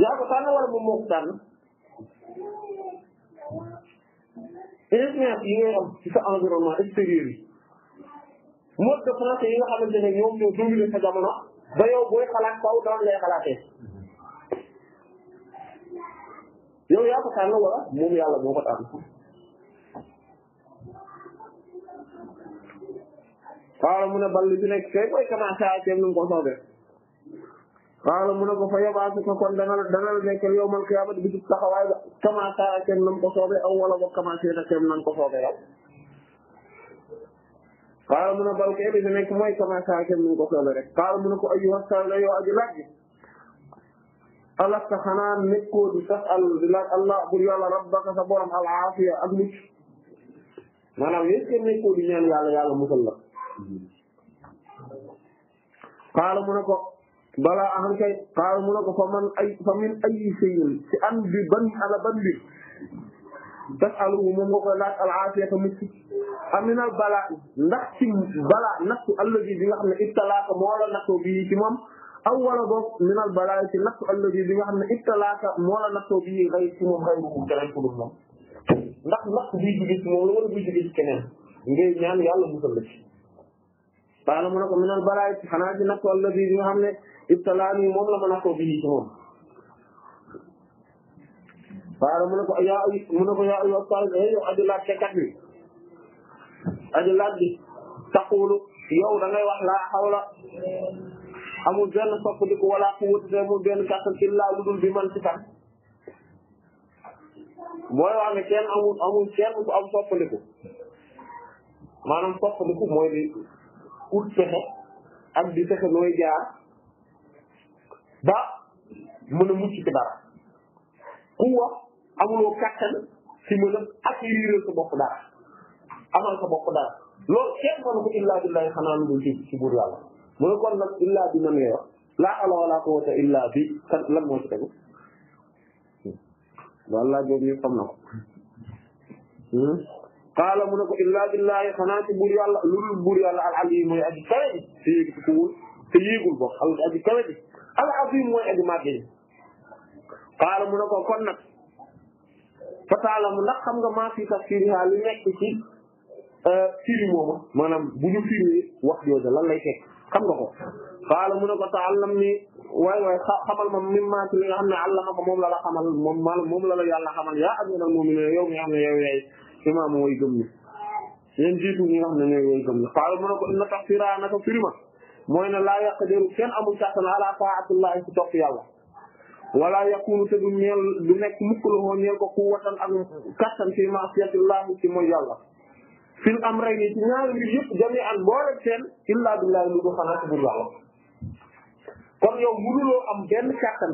yaa ko tànn wala moom moo ko tànn influence yi ngay am ci sa environnement extérieur yi mode de pensée yi nga xamante ne ñoom ñoo dominé sa jamono ba yow booy xalaat faaw daan lay xalaatee yow yaa ko tànn wala moom yàlla moo ko tànn xaala mu ne bal li fi nekk kay koy commencé a ceeb nu mu ko soobee xaala mu ne ko fa yobaasu ko kon dana dana la nekkal yow man xiyamat bi ci taxawaay ba commencé a ceeb nu mu ko soobee aw wala ba commencé na ceeb nan ko soobee yow xaala mun a bal kay bi fi nekk mooy commencé kenn mu ko solo rek xaala mun a ko ayyuha sa'il yow aji laaj bi alasta xanaa nekkoo di sax al di laaj allah bur yàlla rabbaka sa borom al aafiya ak mucc maanaam yéen kenn nekkoo di ñaan yàlla yàlla musal la xaala mun a ko balaa axam kay xaala mun a ko fa man ay fa min ay shay'in ci an bi ban ala ban bi tasaluhu moom nga koy laaj alafiyata mucc aminal bala ndax ci bala nattu allazi bi nga xam ne ittalaaka moo la nattoo bi ci moom aw wala boog minal bala ci nattu allazi bi nga xam ne ittalaaka moo la nattoo bi xëy ci moom xëy bu keneen ku dul moom ndax natt bii jóge ci moom la wala buy jóge ci keneen ngay ñaan yàlla musal la ci baala mu ne ko minal bala ci xanaa ci nattu allazi bi nga xam ne ittalaani moom la ma nattoo bi ci moom waaw mu ne ko yaa mu ne ko yaa ayyuha taalib eh, laaj kat bi yow da wax laa xawla amul benn soppandiku wala quwwata amul benn kàttan illaa lu dul bi man ci kan booy wax ne kenn amul amul kenn ku am soppandiku maanaam soppandiku mooy di ut pexe ak di fexe nooy jaar ba mën a mucc ci dara ku wax amuloo kàttan ci mën a acquérir sa bopp dara amal sa bopp dara loolu kenn mënu ko illaa billahi xanaa lu dul ci ci buur yàlla mu nag illaa bi nan ngay wax laa hawla wala quwwata illaa bi kan lan ci tegu walla jooju yëpp xam na ko hmm? qaala mu ne ko illaa billahi xanaa ci buur lu dul buur al ali mooy aji kawe ji te yéegi ko wul te yéegul boog al aji al azim mooy aji màgg ji qaala mu ne ko kon nag fa taalamu ndax xam nga maa fi tafsiriha li nekk ci euh, firi moomu maanaam bu ñu firiwee wax jooju lan fekk xam nga ko xaala mu ko taallam ni ma min maa ci li moom la la xamal moom maanaam moom la la yàlla xamal yaa amiral mu'minin yow mi nga xam ne yow yaay imaam way gëm ni yéen jiitu ñi nga xam ne ñooy gëm ni xaala mu ko inna tafsira naka firi ma mooy ne laa yaqdiru kenn amul kàttan ala ta'atillahi ci topp yàlla wala yakunu te du ñeel du nekk mukk la ñeel ko quwwatan ak kattan fi ma'siyatillah ci mooy yàlla fil amrayni ci ñaari mbir yëpp jami'an boole seen illa billahi lu du xanaa bu yàlla am benn kattan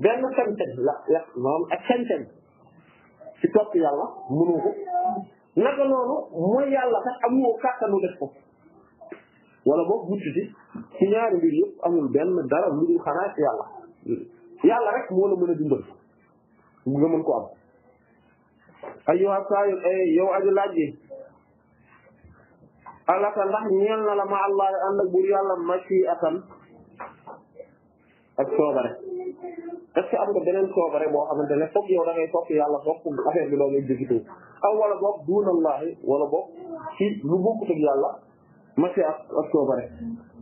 benn la la maanaam yàlla mënu ko naka noonu mooy yàlla sax amoo kattanu def ko wala boog butti ci ci ñaari mbir yëpp amul benn dara lu dul xanaa ci yàlla yàlla rek moo la mën a dimbal nga mën ko am ayyuha sa'il ay eh, yow aju laaj bi alaka ndax ñeel na la ma allah ànd ak buur yàlla mashi'atan ak soobare est que am nga beneen soobare boo xamante ne foog yow da ngay topp yàlla topp affaire bi doon exécuté aw wala boog duunallahi wala boog ci lu bokkut ak yàlla mashi'a ak soobare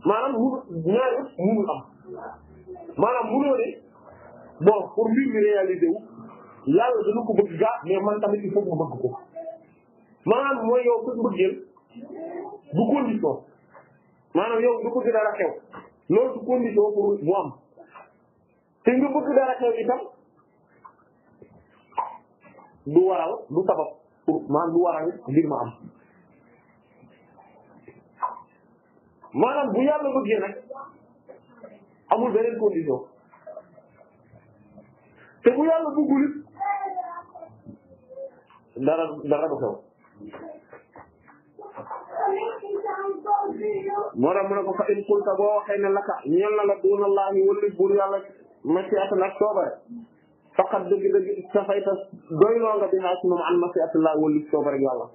maanaam mu ñaar yëpp am maanaam munoo ne bon pour mbir réaliser wu yàlla dana ko bëgg gaa mais man tamit il faut ma bëgg ko maanaam mooy yow ku mbëggeel du condition maanaam yow nga bëgg dara xew loolu du condition pour mu am te nga bëgg dara xew itam du waral du sabab pour maanaam du waral ngir ma am maanaam bu yàlla bëggee nag amul beneen condition te bu yàlla bëggul it dara dara du xew moo tax mu ne ko fa in qulta boo waxee ne laka ñeel na la duna laahi wëlli buur yàlla masiata nag soobare faqat dëgg-dëgg safayta doy loo nga bi xaa si moom an masiata laa wëlli soobare yàlla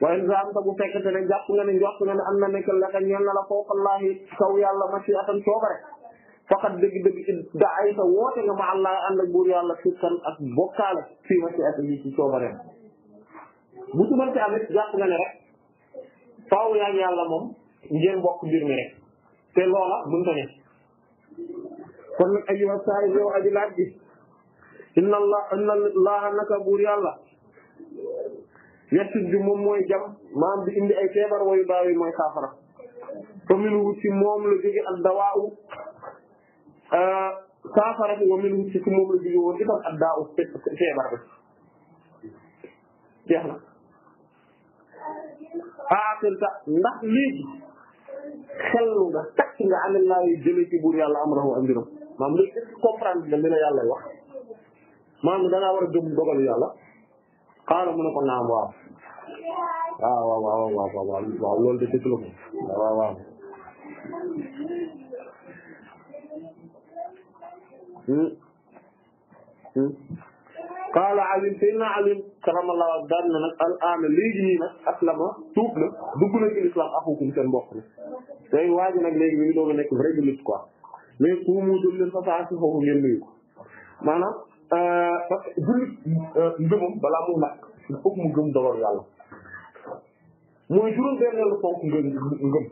waaye nga bu fekkte ne jàpp nga ne njort nga ne am na nekk laka na la foofu laahi kaw yàlla masiatan faqat dëgg-dëgg it daay sa woote nga ma allah ànd ak buur yàlla firkan ak bokkaale fii ma ci at yi ci coobareem bu ci mën ci amit jàpp nga ne rek faaw yaa yàlla moom ngeen bokk mbir mi rek te loola mënta ne kon nag ayyuha saa'il yow aji laaj bi moom mooy jam maam bi indi ay feebar wayu daaw mooy saafara fa minhu ci moom la jóge ak dawaawu Euh, saafara bi wa minhu ci moom la jóge woon itam ak daaw feebar bi jeex na aaxirta ndax léegi xellu nga takk nga amel laa jële ci buur yàlla am raxu am mbiram maam léegi est-ce que comprendre yàlla wax maam dangaa war a gëm dogalu yàlla xaaral mu ne ko naam waaw waaw waaw waaw loolu de dëgg la ko waaw waaw qaala alim sayyidina alim karamallahu wajhahu daan na nag al aana léegi nii nag aslama tuub na dugg na ci l'islam axukum seen mbokk mi tey waa nag léegi mi doog a nekk vrai jullit quoi mais ku mu jël leen fa saa si foofu ngeen nuyu maanaam euh, parce que jullit euh, ngëmam mu nag il mu gëm dogal yàlla mooy juróom benneelu fonk ngëm ngëm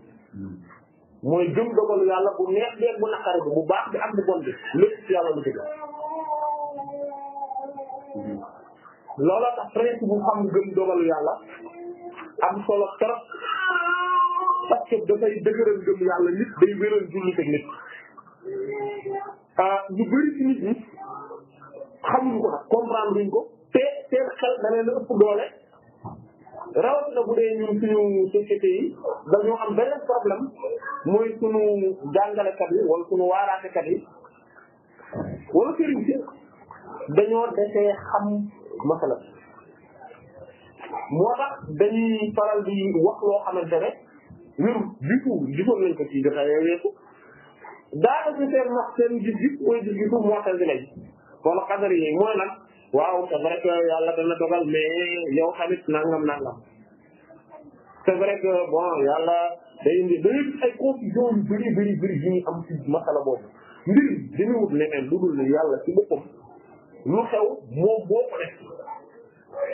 mooy gëm dogalu yàlla bu neex beeg bu naqari bi bu baax bi ak bu bon bi lépp yàlla lu ci def tax principe bu xam gëm dogalu yàlla am solo trop parce que dafay dëgëral gëm yàlla nit day wéral julli teg nit ah ñu bëri ci nit ñi xamuñu ko nag ko te seen xel da ëpp doole rawatina bu dee ñun suñu société yi dañoo am benn problème mooy suñu jàngalekat yi wala suñu waaraatekat yi wala sëriñ si dañoo desee xam masala moo tax dañuy faral di wax loo xamante ne wéru gisu gisoon nañ ko ci jotaay weesu seen wax seen mooy gis-gisu moo tax di lay wala xadar yi mooy nag waaw c'est vrai que yàlla dana dogal mais yow xamit nangam nangam c'est vrai que bon yàlla day indi dañuy ay confusion yu bëri bëri bëri yu ñuy am ci masala boobu mbir dañu wut leneen lu dul yàlla ci boppam lu xew moom boo ko def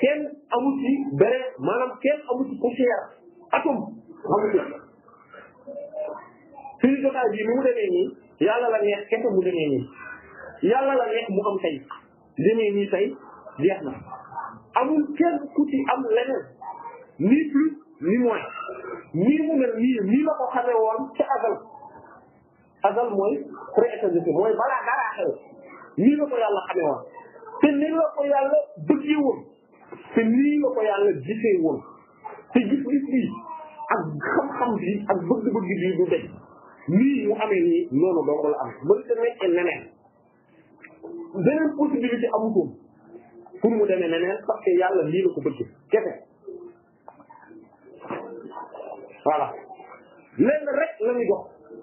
kenn amu ci beneen maanaam kenn amu ci poussière atome amu ci suñu jotaay bi ni mu demee nii yàlla la neex kese mu demee nii yàlla la neex mu am tey demee nii tey jeex na kenn ku am leneen ni plus ni moins nii mu mel nii nii la ko xamee woon ca azal azal mooy préétat mooy balaa dara xew nii la ko yàlla xamee woon te nii la ko yàlla bëggee woon te nii la ko yàlla gisee woon te gis ak xam-xam bi ak bëgg-bëgg bi du dee nii mu amee nii noonu doo ko la am bëgg te nekkee neneen beneen possibilité amutoon pour mu demee neneen parce yàlla lii la ko bëgg kese voilà lenn rek la ñu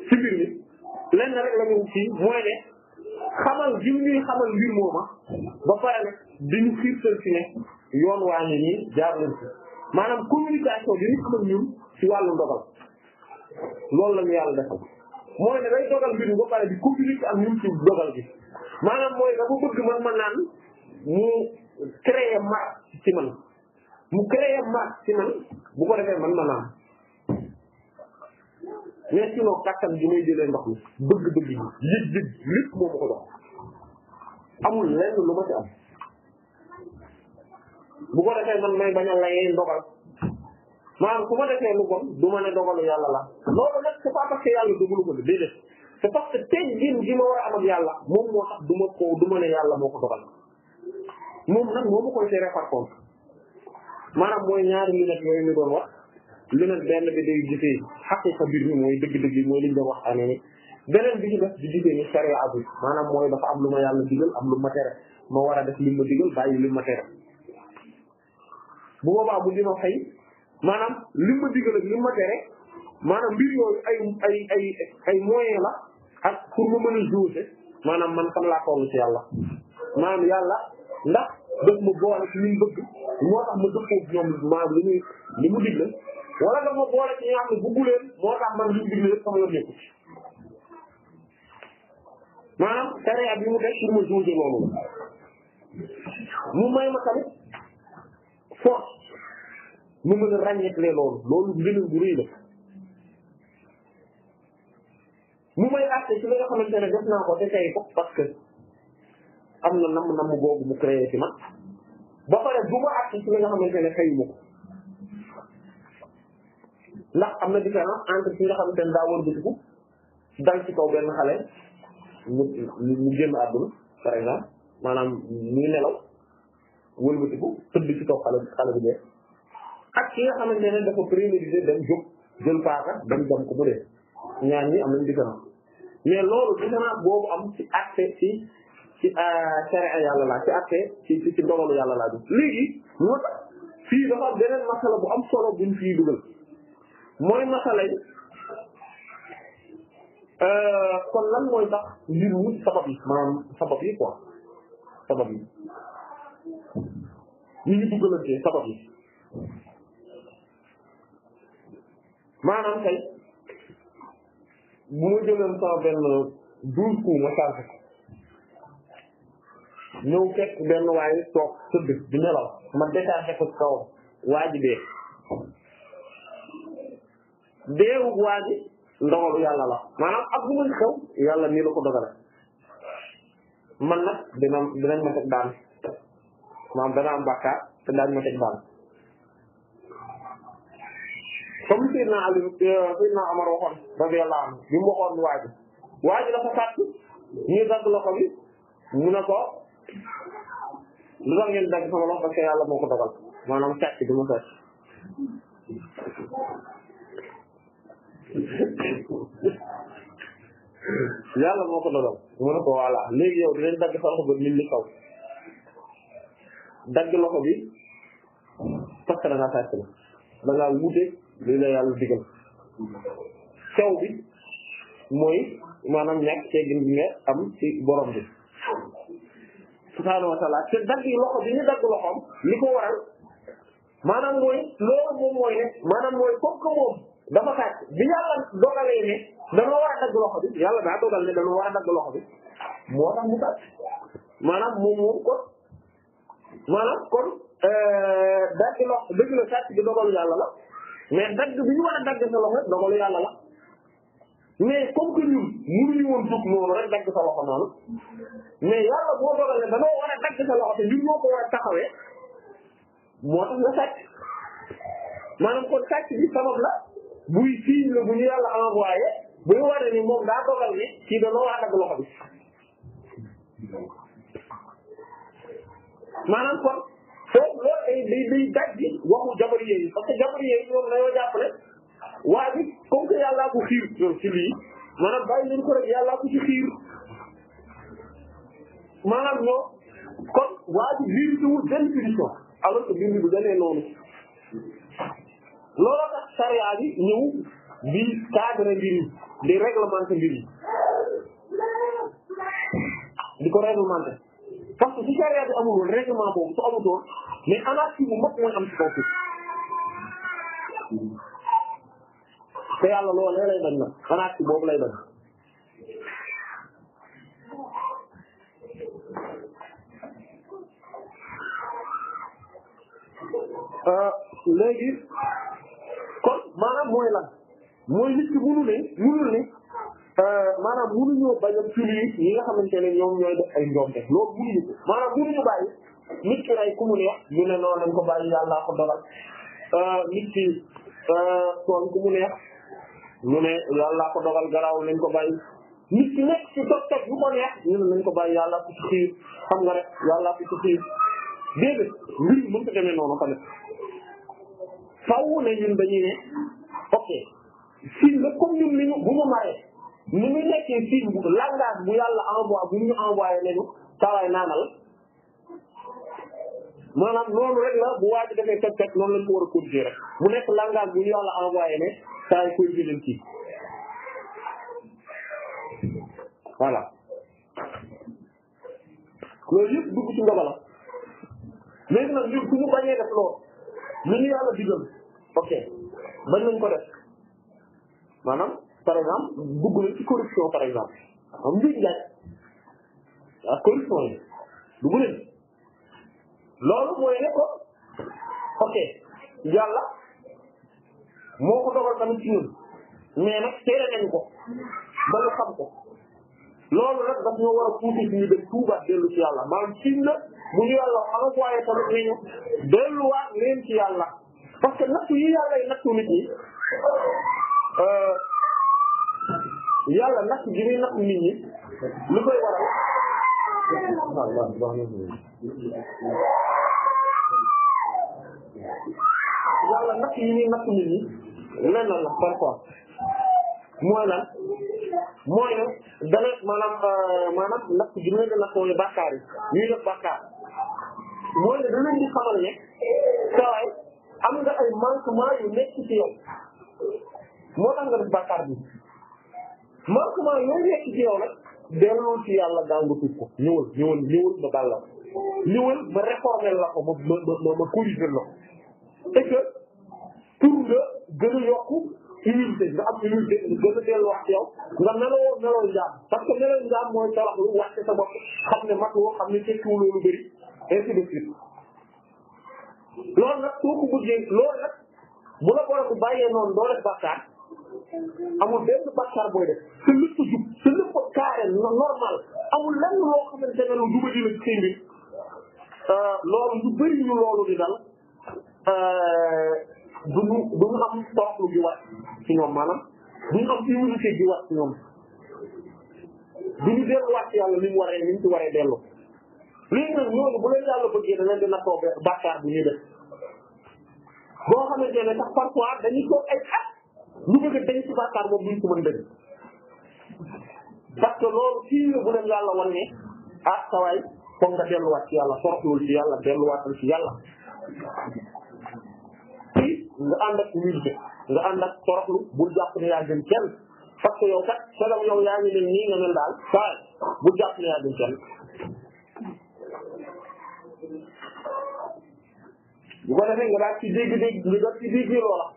ci mbir mi lenn rek la ñu ci mooy ne xamal gi ñuy xamal mbir mooma ba pare nag dañu xiirtal ci ne yoon waa ngi nii jaar nañ ci maanaam communication bi ñu xamal ñun ci wàllu ndogal loolu la ñu yàlla defal mooy ne day dogal mbir mi ba pare di communiquer ak ñun ci dogal gi maanaam mooy dafa bëgg man ma naan mu créer marque ci man mu créer marque ci man bu ko man ma naan mais sinon kàttan bi may jëlee ndox mi bëgg-bëgg yi yëg-yëg lépp moo dox amul lenn lu ma ci am bu ko man may bañ a layee maanaam ku ma defee lu bon du ma ne dogalu yàlla la loolu nag c'est pas parce que yàlla dogalu ko déedéet c'est parce que teggin gi ma war a am ak yàlla moom moo du ma ko du ma ne yàlla moo ko dogal moom nag moo ma koy tere par contre maanaam mooy ñaari lunettes yooyu ñu doon wax lunette benn bi day gisee xaqiqa biir mi mooy dëgg-dëgg yi mooy liñ doon wax année ni beneen bi ci def di gisee ni sariya abul maanaam mooy dafa am lu ma yàlla digal am lu ma tere ma war a def li ma digal bàyyi ma tere bu boobaa bu li ma fay maanaam li ma digal ak li ma tere maanaam mbir yooyu ay ay ay ay la ak pour ma mën a maanaam man fan laa toll ci yàlla maanaam yàlla ndax daf ma boole ci li bëgg moo tax ma dëppoo ak ñoom maanaam li muy li mu wala daf ma boole ci ñi nga xam ne bëggu moo tax man li mu digle yëpp sama yoon nekku ci maanaam tere ak li mu teg pour ma juuse loolu la mu may ma tamit force mu mën a ràññeeklee loolu loolu ngëneel bu rëy la mu may àtte ci li nga xamante ne def naa ko te tey ko parce que am na namm-namm boobu mu créé ci man ba pare bu ma àtte ci li nga xamante ne xëy ma ko ndax am dal ci kaw benn xale mu mu génn àdduna par exemple maanaam muy nelaw wëlbatiku tëdd ci kaw xale xale bu dee ak ki nga xamante ne dafa prémédité dem jóg jël paaka dem dem ko mu dee ñaar ñi am nañ différence mais loolu différence boobu am ci accès ci ci charia euh, yàlla laa ci accès ci ci ci yàlla laa bi léegi moo tax fii dafa am beneen masala bu am solo buñ fii la mooy masala yi euh, kon lan mooy tax ngir wut sabab yi maanaam sabab yi quoi sabab yi ñu ngi dugalantee maanaam tey bu ma jëloon sama benn douze coups ma chargé ko ñëw fekk benn waay toog sëdd di nelaw ma déchargé ko ci kawam waa ji dee deewu waa ji ndogalu yàlla la maanaam ak bu ma xew yàlla nii la ko dogale man nag dina dinañ ma teg daan maanaam dana am te daañ ma teg daan comme li Seydina Ali euh, Seydina Omar waxoon radiyallahu anhu bi mu waxoon waa ji da ji dafa fàtt ñu dagg loxo bi mu ne ko lu ngeen dagg ko dogal maanaam ko dogal mu ne ko voilà sa loxo ba nit li kaw bi parce que da ngaa sàcc la da lii la yàlla digal sew bi mooy maanaam ñàkk teggin bi nga am ci borom bi subhaanahu wa taala te dagg yi loxo bi ñu waral maanaam mooy loolu moom ne maanaam mooy comme que moom dafa sàcc bi yàlla dogalee ne dañoo war a dagg loxo bi yàlla daa dogal ne dañoo war a dagg loxo bi moo tax mu sàcc maanaam moom moom kon maanaam kon euh, dagg loxo dëgg la mais dagg bi ñu war a dagg sa loxo dogalu yàlla la mais comme que ñun mënuñu woon dugg noonu rek dagg sa loxo noonu mais yàlla boo dogalee danoo war a dagg sa loxo te ñun ñoo ko war a taxawee moo tax nga sàcc maanaam kon sàcc bi sabab la buy signe la bu ñu yàlla envoyé buy waree ni moom daa dogal ni ci danoo war a dagg loxo bi maanaam kon so loolu day day day daj bi waxu jabariye yi parce que jabariye yi ñoom dañoo jàppale waa bi comme que yàllaa ko xiir ci lii maanaam bàyyi leen ko rek yàllaa ko ci xiir maanaam ñoo kon waa bi liiritewul benn punition alors que bind bi demee noonu looloo tax sariya bi ñëw di cadre mbir yi di réglementer mbir di ko réglementer parce que su charia bi amul woon règlement boobu su amutoon mais anarchie bu mag mooy am ci kaw suuf te yàlla loolee lay bañ nag anarchie boobu lay bañ euh, léegi kon maanaam mooy lan mooy nit ki mënu ne mënul ne Euh, maanaam munuñoo bañ a firi ñi nga xamante ne ñoom ñooy def ay njomte loolu munuñu ko maanaam munuñu bàyyi nit ki rey ku mu neex ñu ne noonu lañ ko bàyyi yàllaa ko dogal euh, nit ki euh, tooñ ku mu neex ñu ne yàllaa ko dogal garaaw lañ ko bàyyi nit nekk ci toj toj bu ñu ne lañ ko bàyyi yàllaa ko ci xiir xam nga rek yàllaa ko ci xiir déedéet mbir mën ko demee noonu tamit faw ne ñun dañuy ne ok si la comme ñun li ñu bu ma ni muy nekkee signe bu langage bu yàlla envoyé bu ñu envoyé nañu sawaay naanal maanaam noonu rek la bu waa ji defee teg teg noonu lañ ko war a corriger rek bu nekk langage bu ñu yàlla envoyé ne saa yi corriger leen ci voilà loolu yëpp dugg ci ngaba la léegi nag ñun suñu bañee def loolu li ñu yàlla digal ok bañ nañ ko def maanaam par exemple dugg na ci corruption par exemple xam nga njuuj njaaj ah, corruption yi dugg nañ loolu mooy ne ko ok yàlla moo ko dogal tamit ci ñun mais nag teere nañ ko ba xam ko loolu nag daf ñoo war a puuti ñu dem tuubaat dellu ci yàlla maanaam fiñ la bu ñu yàlla xamak waaye tamit nañu delluwaat leen ci yàlla parce que nattu yi yàlla yi nattu nit ñi euh, yàlla natt gi muy natt nit ñi lu koy waral yàlla natt yi muy natt nit ñi lenn la parfois mooy lan mooy ne dana maanaam euh, maanaam natt gi muy natt mooy bàkkaar yi ñuy def mooy ne da di xamal ne sawaay am nga ay manquement yu nekk ci yow moo tax nga def bàkkaar bi manquement yooyu nekk ci yow nag delloo ci yàlla gàngu tuub ko ñëwal ñëwal ñëwal ma ma réformer la ko ma ma ma ma corriger la ko et que gën a yokk humilité nga am humilité nga gën a delluwaat yow nga nelawoo nelaw njaam parce que nelaw njaam mooy toroxlu wàcce sa bopp xam ne matoo xam ne tekkiwuloo loolu bëri ainsi de suite loolu nag soo ko bëggee loolu nag bu la borom bàyyee noonu doo def bàkkaar amul benn bàkkaar booy def te lépp jub te lépp carré normal amul lenn loo xamante ne lu jubadi la ci seen euh, loolu ñu bëri ñu loolu di dal euh, duñu duñu am toroxlu gi wàcc ci ñoom maanaam duñu am humilité gi wàcc ci ñoom duñu delluwaat ci yàlla ni mu waree ni mu ci waree dellu léegi nag ñooñu bu leen yàlla bëggee da leen di nattoo bàkkaar bu ñuy def boo xamante ne sax parfois dañuy toog ay ñu bëgg a denc ci bàkkaar boobu duñ ko mën dëgg loolu fii la bu leen yàlla wan ne ah sawaay foog nga delluwaat ci yàlla soxlawul ci yàlla delluwaatal ci yàlla fii nga ànd ak humilité nga ànd bul jàpp ne yaa gën kenn parce que yow kat sagam yow yaa ngi leen nii nga mel daal sawaay bul jàpp ne yaa gën kenn bu ko defee nga daal ci dégg dégg nga daal ci dégg loola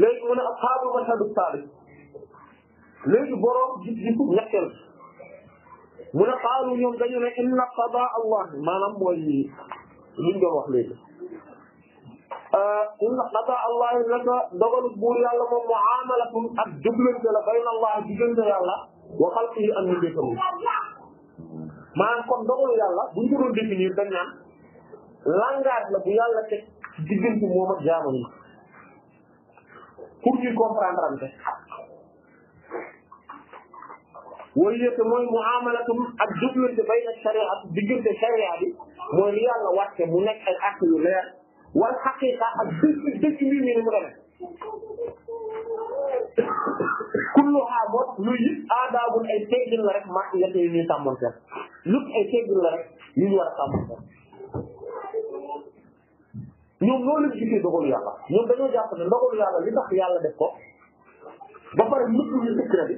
léegi mu ne ashaabu mashhadu saalih léegi borom gis-gisu ñetteel mu ne xaalu ñoom dañu ne inna qada allah maanaam mooy liñ doon wax léegi inna qada allah naka dogalu buur yàlla moom muamalatun ak jëblante la bayna allah diggante yàlla wa xalqihi am ñu dékkamu maanaam kon dogalu yàlla buñ ko doon définir dañ naan langage la bu yàlla teg diggante moom ak jaamam yi pour ñu comprendre ante waliyete moy muamalatum ak jëflante bay na sharia diggante sharia bi moy li yàlla wàcce mu nek ay ak yu leer wal haqiqa ak dëgg dëgg mbir ni mu demee kullu ha mot lu yi adabul ay teggul rek ma yete ni tamonte lu ay teggul rek ni ñu war a ñoom loolu lañ gisee dogalu yàlla ñoom dañoo jàpp ne yàlla li tax yàlla de ko ba pare nëpp ñu secret bi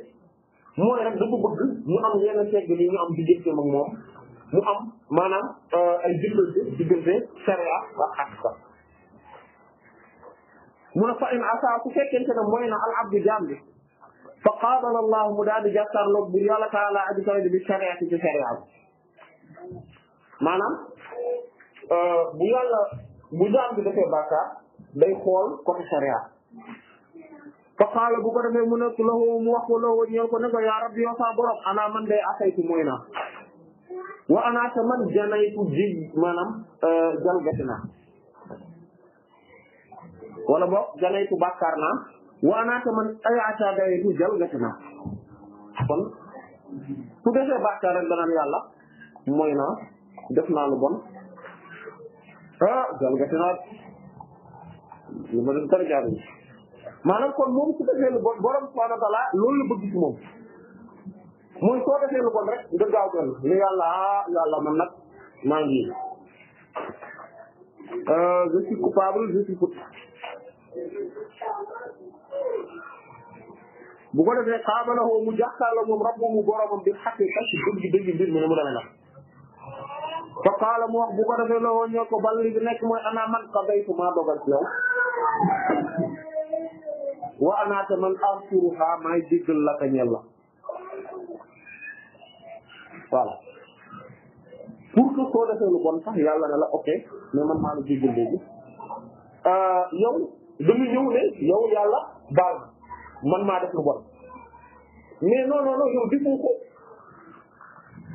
mooy rek dafa bëgg ñu am yenn segg li ñu am diggante ak moom mu am maanaam euh, ay diggante diggante sharia ak aqida mu ne fa in asa su fekkente ne mooy na al abdu jaam bi fa qaabala allah mu daal di jàkkaarloog bu yàlla taala aji kawe bi sharia ci sharia euh, bu yàlla bu jaam bi defee bàkkaar day xool comme charia fa xaala bu ko defee mu nekk loxo mu wax ko loxo ñëw ko ne yaa rabbi yow saa borom ana man day asaytu mooy naa wa euh, wala boog janaytu bàkkaar naa wa ana man ay ata daytu jalgati kon su defee bàkkaar rek danaan yàlla mooy naa def naa lu bon ah jalgati naa li ma doon dara mu maanaam kon moom su defee lu bon borom subhanahu wa ta'ala loolu la bëgg ci moom mooy soo defee lu bon rek nga gaaw kenn ni yàlla ah yàlla man nag maa ngi euh, je suis coupable je suis coupable bu ko defee xaabalahu mu jàkkaarloo moom rabbu mu boromam bi xaqiqa ci dëgg dëgg mbir mi ne mu demee nag fa wax bu ko defee loo ñoo ko bal li nekk mooy ana man qadaytu maa dogal ci yow wa ana te man aghfiruha maay jéggal la ka ñeel la voilà pour que soo defee lu bon sax yàlla ne la ok mais man maa la jéggal léegi euh, yow dañu ñëw yàlla baal man maa def lu bon mais non non non yow defoo ko.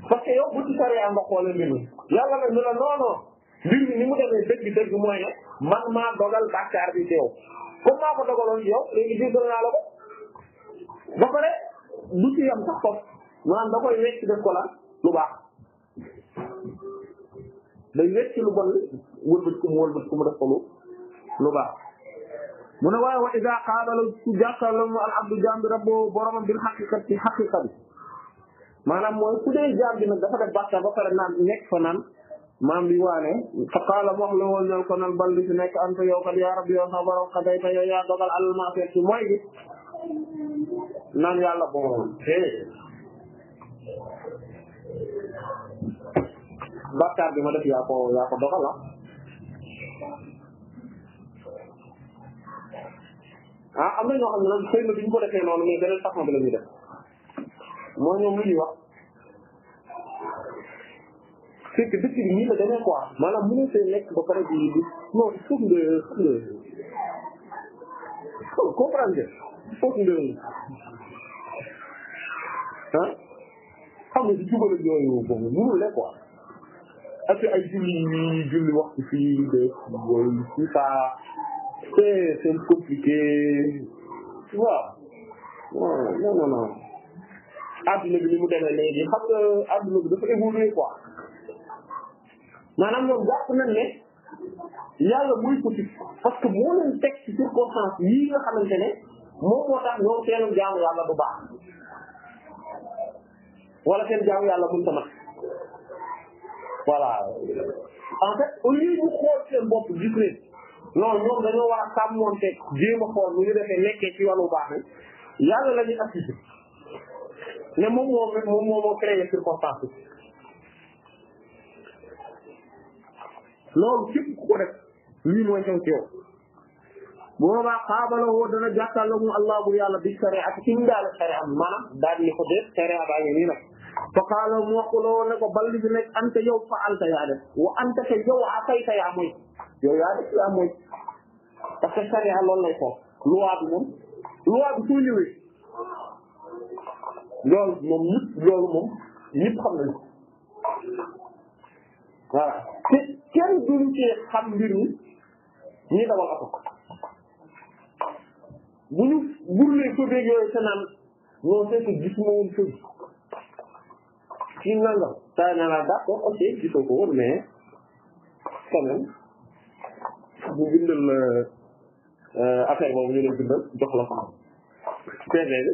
parce que yow bu ci sariya nga xoolee mbir mi yàlla nag ñu ne non non mbir mi ni mu demee dëgg dëgg mooy ne man maa dogal bàkkaar bi ci yow comme maa ko dogaloon ci yow léegi ko ba pare du ci yam sax foofu maanaam da koy wecc def ko la lu baax day wecc lu bon wëlbat mu ne waaye wa idaa qaala la su jàkkaarloo al abdu jaam bi bil xaqiqat ci xaqiqa bi maanaam mooy ku dee jaam bi nag dafa def bàkkaar ba pare naan nekk fa naan maam bi waane fa qaala wax la woon nel ko nan bal nekk anta yow kat yaa rabbi yow sa borom xadayta dogal alal maa fekk ci mooy gi naan yàlla borom bàkkaar bi ma def yaa ko yaa ko dogal la ah. ah am na ñoo xam ne nag xëy na duñ ko defee noonu mais beneen façon bi la ñuy def mooy ñoom lu ñuy wax c'est que dëkk bi nii la demee quoi maanaam mënoo see nekk ba pare di di non il faut nga xam nga faut comprendre nga faut nga ah xam nga si jubal ak yooyu boobu mënul ne quoi ak ay julli yi julli waxtu fii de yooyu tout ça c'est c'est compliqué tu vois non non non. adduna bi ni mu demee léegi xam nga adduna bi dafa évolué quoi maanaam ñoom jàpp nañ ne yàlla muy ko parce que moo leen teg ci circonstance yii nga xamante ne moom moo tax ñoom seen jaamu yàlla du baax wala seen jaamu yàlla mënta mat voilà en fait au lieu ñu xool seen bopp gis leen non ñoom dañoo war a sàmmonte jéem a xool nu ñu defee nekkee ci wàllu baax na yàlla la ñuy ne moom moo moom moo moo créé circonstance bi loolu képp ku ko def lii mooy xew ci yow boobaa xaabala woo dana jàkkal la mu allah bu yàlla bi ak ci ñu daal am maanaam daal ni ko def sharia baa ngi nii nag fa qaala mu wax la ne ko balli bi nekk ante yow fa alta yaa def wa ante te yow a fay yaa mooy yow yaa def yaa mooy parce que sharia loolu lay ko loi bi moom loi bi soo ñëwee loolu moom ñëpp loolu moom ñëpp xam nañu ko voilà te kenn duñu ci xam mbir mi dawal oto bu ñu burlee ko dégg yooyu te naan non c'est que gisuma woon fëg ci nangam ko woon mais quand même bu bindal euh, affaire boobu ñu leen bindal jox la ko PV bi e.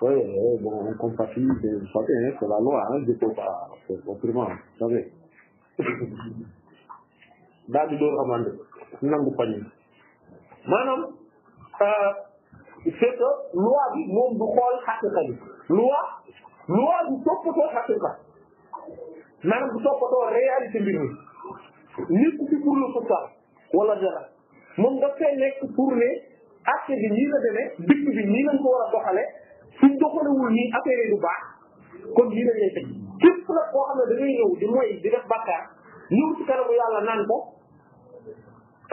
Foi, é, bom, um compatível, só tem essa, lá no ar, depois para o primo, door amande nangu pañ maanaam c'est que loi bi moom du xool xaqiqa bi loi loi du toppatoo xaqiqa maanaam du toppatoo réalité mbir mi nekk ci pour le social wala dara moom daf nekk pour ne acte bi nii la demee dëkk bi nii lañ ko suñ doxalewul nii affaire yi du baax kon lii la ñuy tëj képp la koo xam ne da ngay ñëw di mooy di def bàkkaar ñëw ci kanamu yàlla naan ko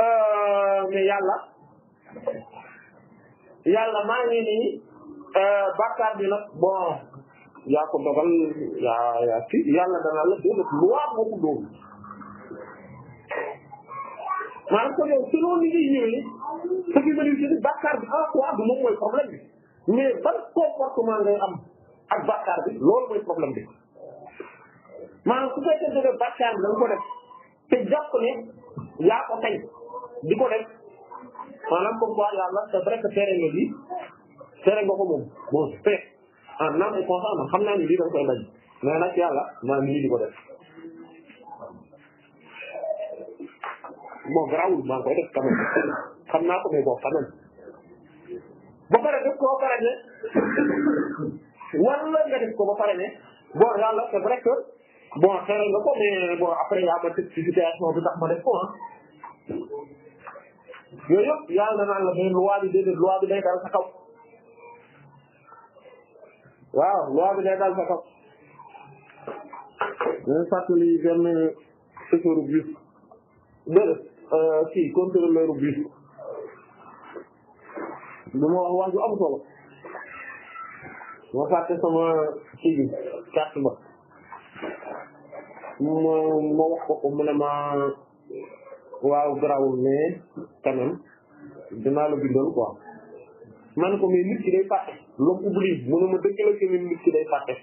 euh, mais yàlla yàlla maa ngi nii euh, bàkkaar bi nag bon yaa ko dogal yaa yaa ci yàlla danaa la déedéet lu waa moo ko dóomu maanaam kon yow selon ni ngay ñëwee ce qui veut dire que bàkkaar bi en soi du moom mooy problème bi mais ban comportement ngay am ak bàkkaar bi loolu mooy problème bi maanaam su fekkee ne de bi da nga ko def te jàpp ne yaa ko tey di ko def maanaam comme quoi yàlla c'est vrai que tere nga lii tere nga ko moom bon c'est ah naam ay conscience xam naa ne lii da nga koy bañ mais nag yàlla naa di ko def bon garaawul maa ngi koy naa ko mais bon quand ba pare def ko ba pare ne wala nga def ko ba pare ne bon yàlla c'est vrai que bon xeral nga ko mais bon après yaa ma tëj ci situation bi tax ma def ko ah. yooyu yëpp yàlla naan la mais loi bi déedéet loi bi day dal sa kaw waaw loi bi day dal sa kaw. ñu fàttali benn chauffeur bus déedéet euh, kii contrôleur bus. dama wax wax ju am solo ma fàtte sama kii bi carte ba ma ma wax ko mu ne ma waaw garaawul mais quand même dinaa la bindal quoi ma ko mais nit ki day fàtte l'homme oublie mu ne ma dëgg la nit ki day fàtte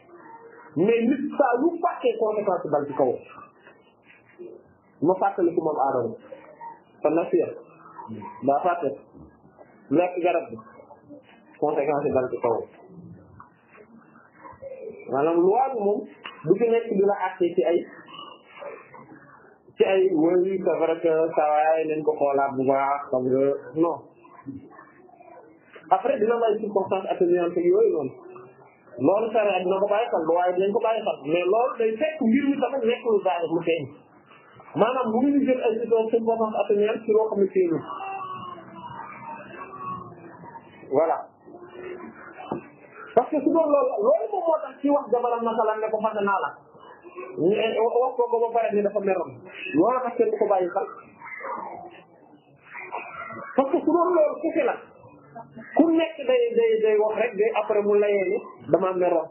mais nit saa yu fàttee conséquence dal ci kaw ma fàttali ko moom aadama te nasiya daa fàtte lekk garab bi conséquence dal ci kaw maanaam loi bi moom du ci nekk di la àtte ci ay ci ay wéy c'est vrai que sawaay nañ ko xoolaat bu baax xam nga non après dina may circonstance atténuante yooyu noonu loolu sare dina ko bàyyi xel waaye dinañ ko bàyyi xel mais loolu day fekk mbir mi tamit nekk lu daay mu feeñ maanaam mu ngi jël ay circonstance atténuante ci loo xam ne feeñul voilà parce que su doon loolu loolu moom moo tax wax jabaram masalan ne ko fàtte naa la wax ko ko ni dafa meroon loolu tax kenn du ko bàyyi xel parce que su doon loolu ku fi la day day day wax rek day après mu layee ni dama meroon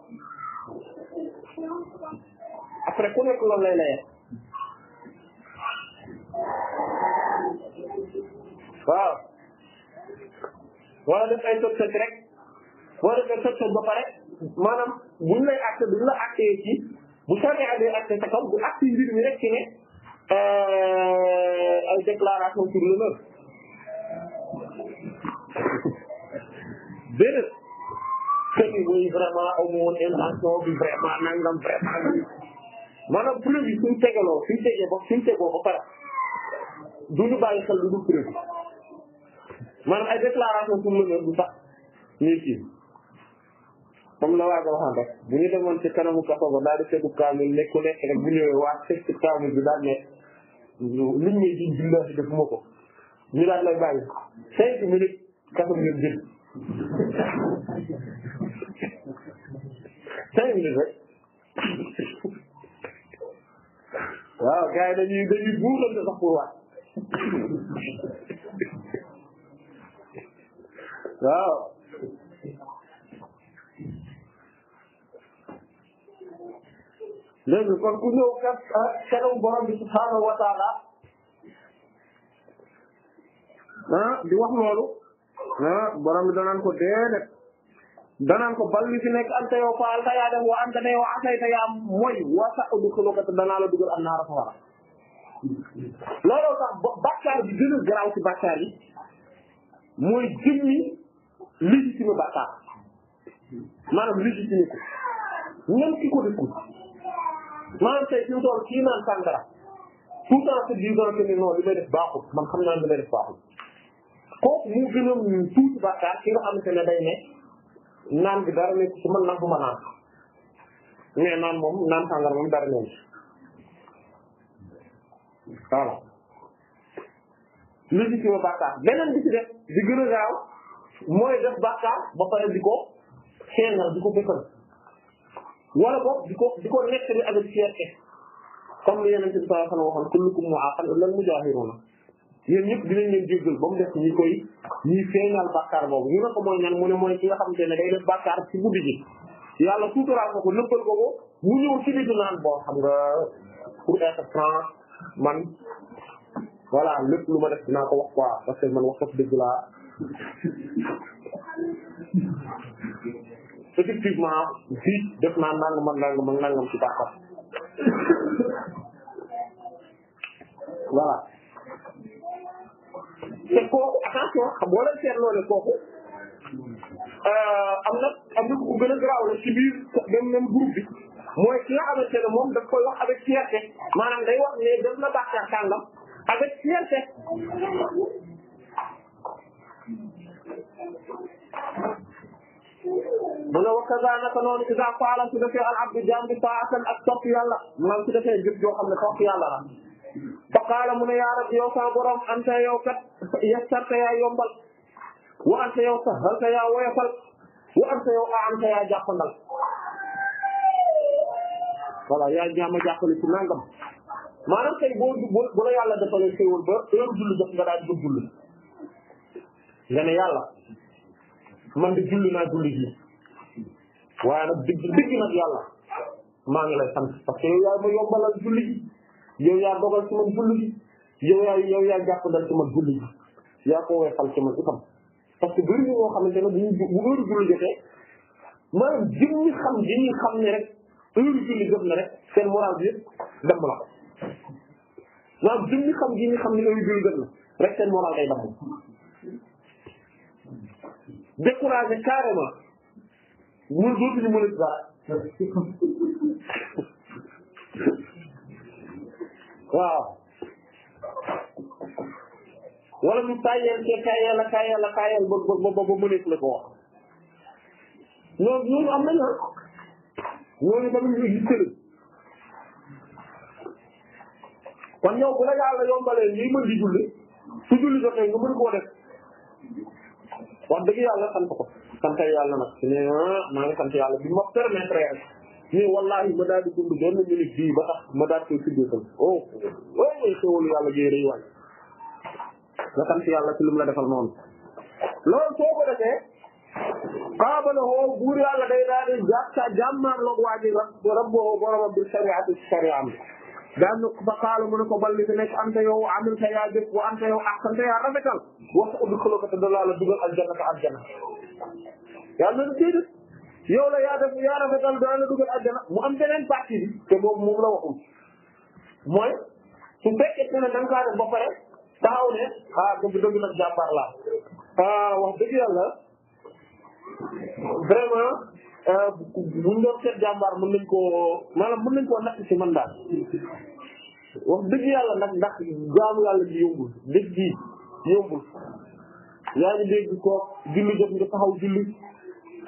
après ku nekk loolu lay layee waaw wala def ay sot sëcc rek wala def ay sot sëcc ba pare maanaam buñ lay acté duñ la acté ci bu sariya day acté sa kaw bu acté mbir mi rek ci ne euh, ay déclaration sur l'honneur déedéet kër yi muy vraiment amu woon bi vraiment nangam vraiment maanaam preuve yi suñ tegaloo suñ tegee ba ba pare du ñu bàyyi xel lu dul preuve maanaam ay déclaration pour le maire du tax ñuy kii comme la waaga waxaan rek bu ñu demoon ci kanamu kaso ba daal di tegu kaamil nekk nekk rek bu ñëwee waa teg ci kaamil bi daal nekk liñ may jiñ defuma ko ñu daal lay bàyyi cinq minutes kaso ngeen jël cinq minutes rek waaw gars yi dañuy dañuy buuxante sax pour waaw léegi kon ku ñëw kat keroog ah, borom bi subhaanahu wa taala ah di wax loolu ah borom bi danaan ko déedéet danaan ko bal li fi nekk anta yow faalta yaa wa anta ne yow asayta yaa mooy wasa udxuluka danaa dugal an naara safara looloo tax bakkaar bi gën a garaaw ci bakkaar yi mooy jëmmi légitime bàkkaar maanaam légitime ko même ki ko deful maanaam tey mu toll kii naan sàngara tout le temps se disant que ni li may def baaxul man xam naa li may def baaxul kooku mu gën a tuuti bàkkaar ki nga xamante ne day ne naan bi dara nekk ci man naan bu ma naan mais naan moom naan sàngara moom dara nekk voilà légitime bàkkaar beneen bi def di gën gaaw mooy def bàkkaar ba a di ko xeeñal di ko bëkkal wala boog di ko di ko nekk ni avec fierté comme li Yonent bi sallallahu alayhi wa sallam waxoon kullukum mu'aaqan illal mujaahiruuna yéen ñëpp dinañ leen jéggal ba mu def ñi koy ñi feeñal bàkkaar boobu ñu ne ko mooy ñan mu ne nga xamante ne day def bàkkaar ci guddi gi yàlla suuturaal ko ko nëbbal ko ko mu ñëw ci biir naan boo xam nga pour être franc man voilà lépp lu ma ko wax quoi parce dëgg laa effectivement fii def naa nangam ak nangam ak nangam ci baaxam voilà te kooku attention xam boo leen seetloo ne kooku euh, am na am na ku gën a garaaw la biir même même groupe mooy ki nga xamante ne moom daf koy wax avec fierté maanaam day wax ne def na baax sàngam avec fierté mu ne wax daa naka noonu ida faalan su defee al abdu jaam bi taatan ak topp yàlla maanaam su defee jëf joo xam ne topp yàlla la fa qaala mu ne yaa rabbi yow saa borom anta yow kat yastarta yaa yombal wa anta yow sahalta yaa woyofal wa anta yow aamta yaa jàppandal voilà yaa jaama jàppale ci nangam maanaam tey boo bu la yàlla defalee xéewal ba heure julli jot nga daal di julli nga ne yàlla man de julli naa julli ji waaye nag dëgg dëgg nag yàlla maa ngi lay sant parce que yow yaa ma yombalal julli ji yow yaa dogal ci man julli ji yow yaa yow yaa jàppandal ci man julli ji yaa ko weesal ci man itam parce que bëri na ñoo xamante ne bu ñu bu heure julli jotee maanaam jëm ñi xam jëm ñi xam ne rek heure julli jot na rek seen moral bi yëpp dem la maanaam jëm ñi xam jëm ñi xam ne heure julli jot na rek seen moral day dem découragé carrément mun dootuñu mën a dara waaw wala ñu tàyyeel te tàyyeel a tàyyeel a tàyyeel ba ba ba ba mënees la ko wax ñooñu ñooñu am nañu ah ñooñu tamit ñu existé lañ kon yow bu la yàlla yombalee lii mën di julli su julli jotee nga mën koo def wax dëgg yàlla sant ko sant yàlla nag ne ah, maa ngi sant yàlla bi ma permettre rek ni wallaahi ma daal di dund benn minute ba tax ma daal koy siddétal oh oh mooy xéwalu yàlla jiy rëy waay nga sant yàlla ci lim la defal noonu loolu soo ko defee xaabala woo buur yàlla day daal di sa jàmmaar loog waa ji rab rabboo boromam bi shariati shariam bi daa ne ba xaaral mu ne ko bal li fi nekk anta yo amil ta yaa jëf wa anta yow ahsan ta yaa rafetal waxtu ubbi xulóo ko te dalaa la dugal aljanna ka aljanna. yàlla na déedéet yow la yaa def yaa rafetal daa la dugal aljanna mu am beneen partie bi te moom moom la waxul mooy su fekkee ne da nga kaa def ba pare taxaw ne ah dëgg dëgg nag jàmbaar laa ah wax dëgg yàlla vraiment. Euh, bu mu doon seet jàmbaar mën nañ koo maanaam mën nañ koo natt ci man daal wax dëgg yàlla nag ndax jaamu yàlla bi yombul dëgg gi yombul yaa ngi dégg koo julli jot nga taxaw julli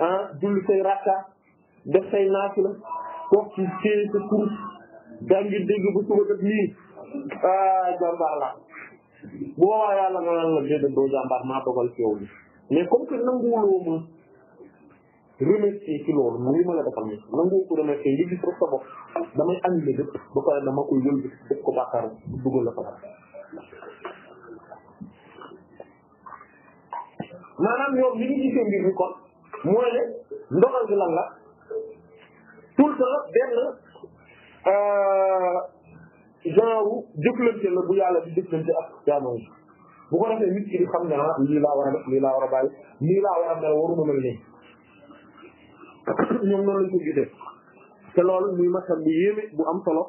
ah julli say rakka def say naafila toog ci téye sa kurus daa ngi dégg ba suba def nii ah la bu boobaa yàlla nga naan la déedéet doo jàmbaar maa dogal ci yow li mais comme que nanguwuloo ma remercier ci loolu li ma la defal ni nangoo ko remercier ngi gis rek sa bopp damay annulé lépp ba pare dama koy wëlbi def ko bàkkaaram dugal la fa maanaam ñoom li ñu gisee mbir mi kon mooy ne ndogal bi lan la tout le temps benn euh, genre jëflante la bu yàlla di jëflante ak jaamam bu ko defee nit ki di xam ne ah lii laa war a def lii laa war a bàyyi lii laa war a ñoom noonu lañ ko gisee te loolu muy mashhad bu yéeme bu am solo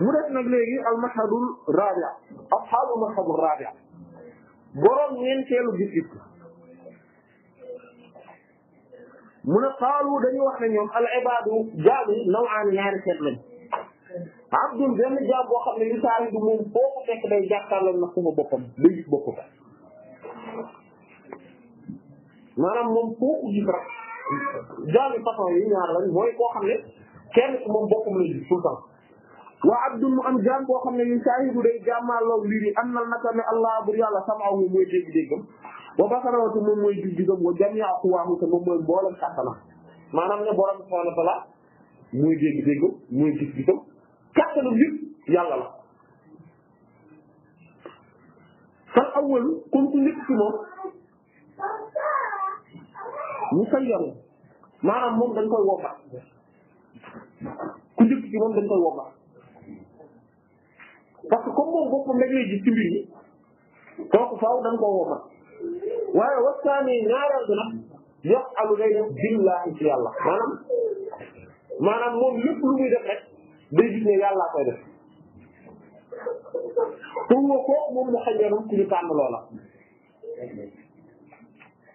mu def nag léegi al mashhadul rabia ashabu mashhadul rabia boroom ñeenteelu gis-gis mu ne xaalu dañu wax ne ñoom al ibadu jaami nawaan ñaari seet lañ abdul benn jaam boo xam ne li saari du moom foofu fekk day jàkkaarloo na suma boppam day gis boppam maanaam moom foofu gis rek jaami façon yi ñaar lañ mooy koo xam ne kenn ci moom boppam la gis tout waa abdul mu am jaam koo xam ne yu saahibu day jàmmaaloog lii nii am na naka ne allah bur yàlla samaahu mooy dégg-déggam wa basarawatu moom mooy gis-gisam wa jamia quwaahu te moom mooy mboolem kàttanam maanaam ne borom subhaanahu wa ta'aala mooy dégg-déggam mooy gis-gisam kàttanam yëpp yàlla la. fal awwal kon ku moom mu sayyaru maanaam moom dañ koy wobba ku njëkk ci moom dañ koy wobba parce que comme moom boppam rek lay gis ci mbir yi kooku faaw dañ koo wobba waaye wasaani ñaareel bi nag yox alu day def billaahi ci yàlla maanaam maanaam moom lépp lu muy def rek day gis ne yàllaa koy def pour nga moom mu xañeerum ku ñu tànn loola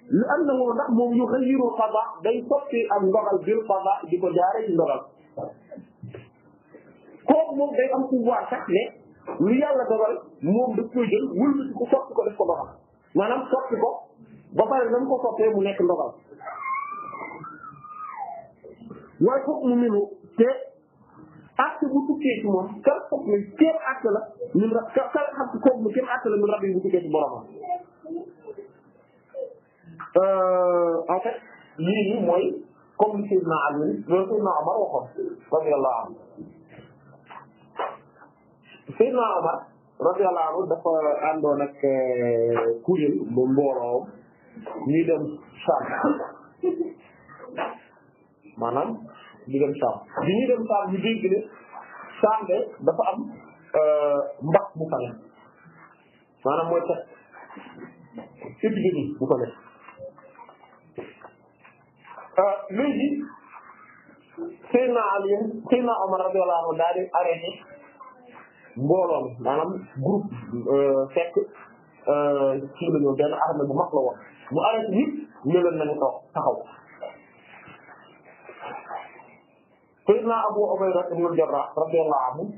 لأنه ndax moom yu xayiru qada day soppi ak ndogal bil qada di ko jaare ci ndogal kooku moom day am pouvoir sax ne lu yàlla dogal moom daf koy jël wëlbati ko soppi ko def ko ndogal maanaam soppi ko ba pare nam ko soppee mu nekk ndogal waaye foog mu minu te acte bu tukkee ci moom kar foog ne kéem acte la min rab kar xam kooku mu kéem acte la min rab yi bu tukkee ci boromam Euh, en fait lii nii mooy comme li Seydina Ali loolu Seydina Omar waxoon radiyallahu anhu Seydina Omar radiyallahu anhu dafa àndoon ak euh, kuréel bu mbooloo ñuy dem Sham maanaam di dem Sham bi ñuy dem Sham ñu dégg ne Sham de dafa am euh, mbax bu fa nekk maanaam mooy tax épidémie bu fa Euh, léegi Seydina Ali Seydina Omar radiyallahu anhu daal di arrêté mbooloon maanaam groupe euh, fekk euh, kii la ñu benn bu mag la woon mu arrêté nit ñu leen nañu toog taxaw Seydina Abu Ubayda ibn al-Jarrah radiyallahu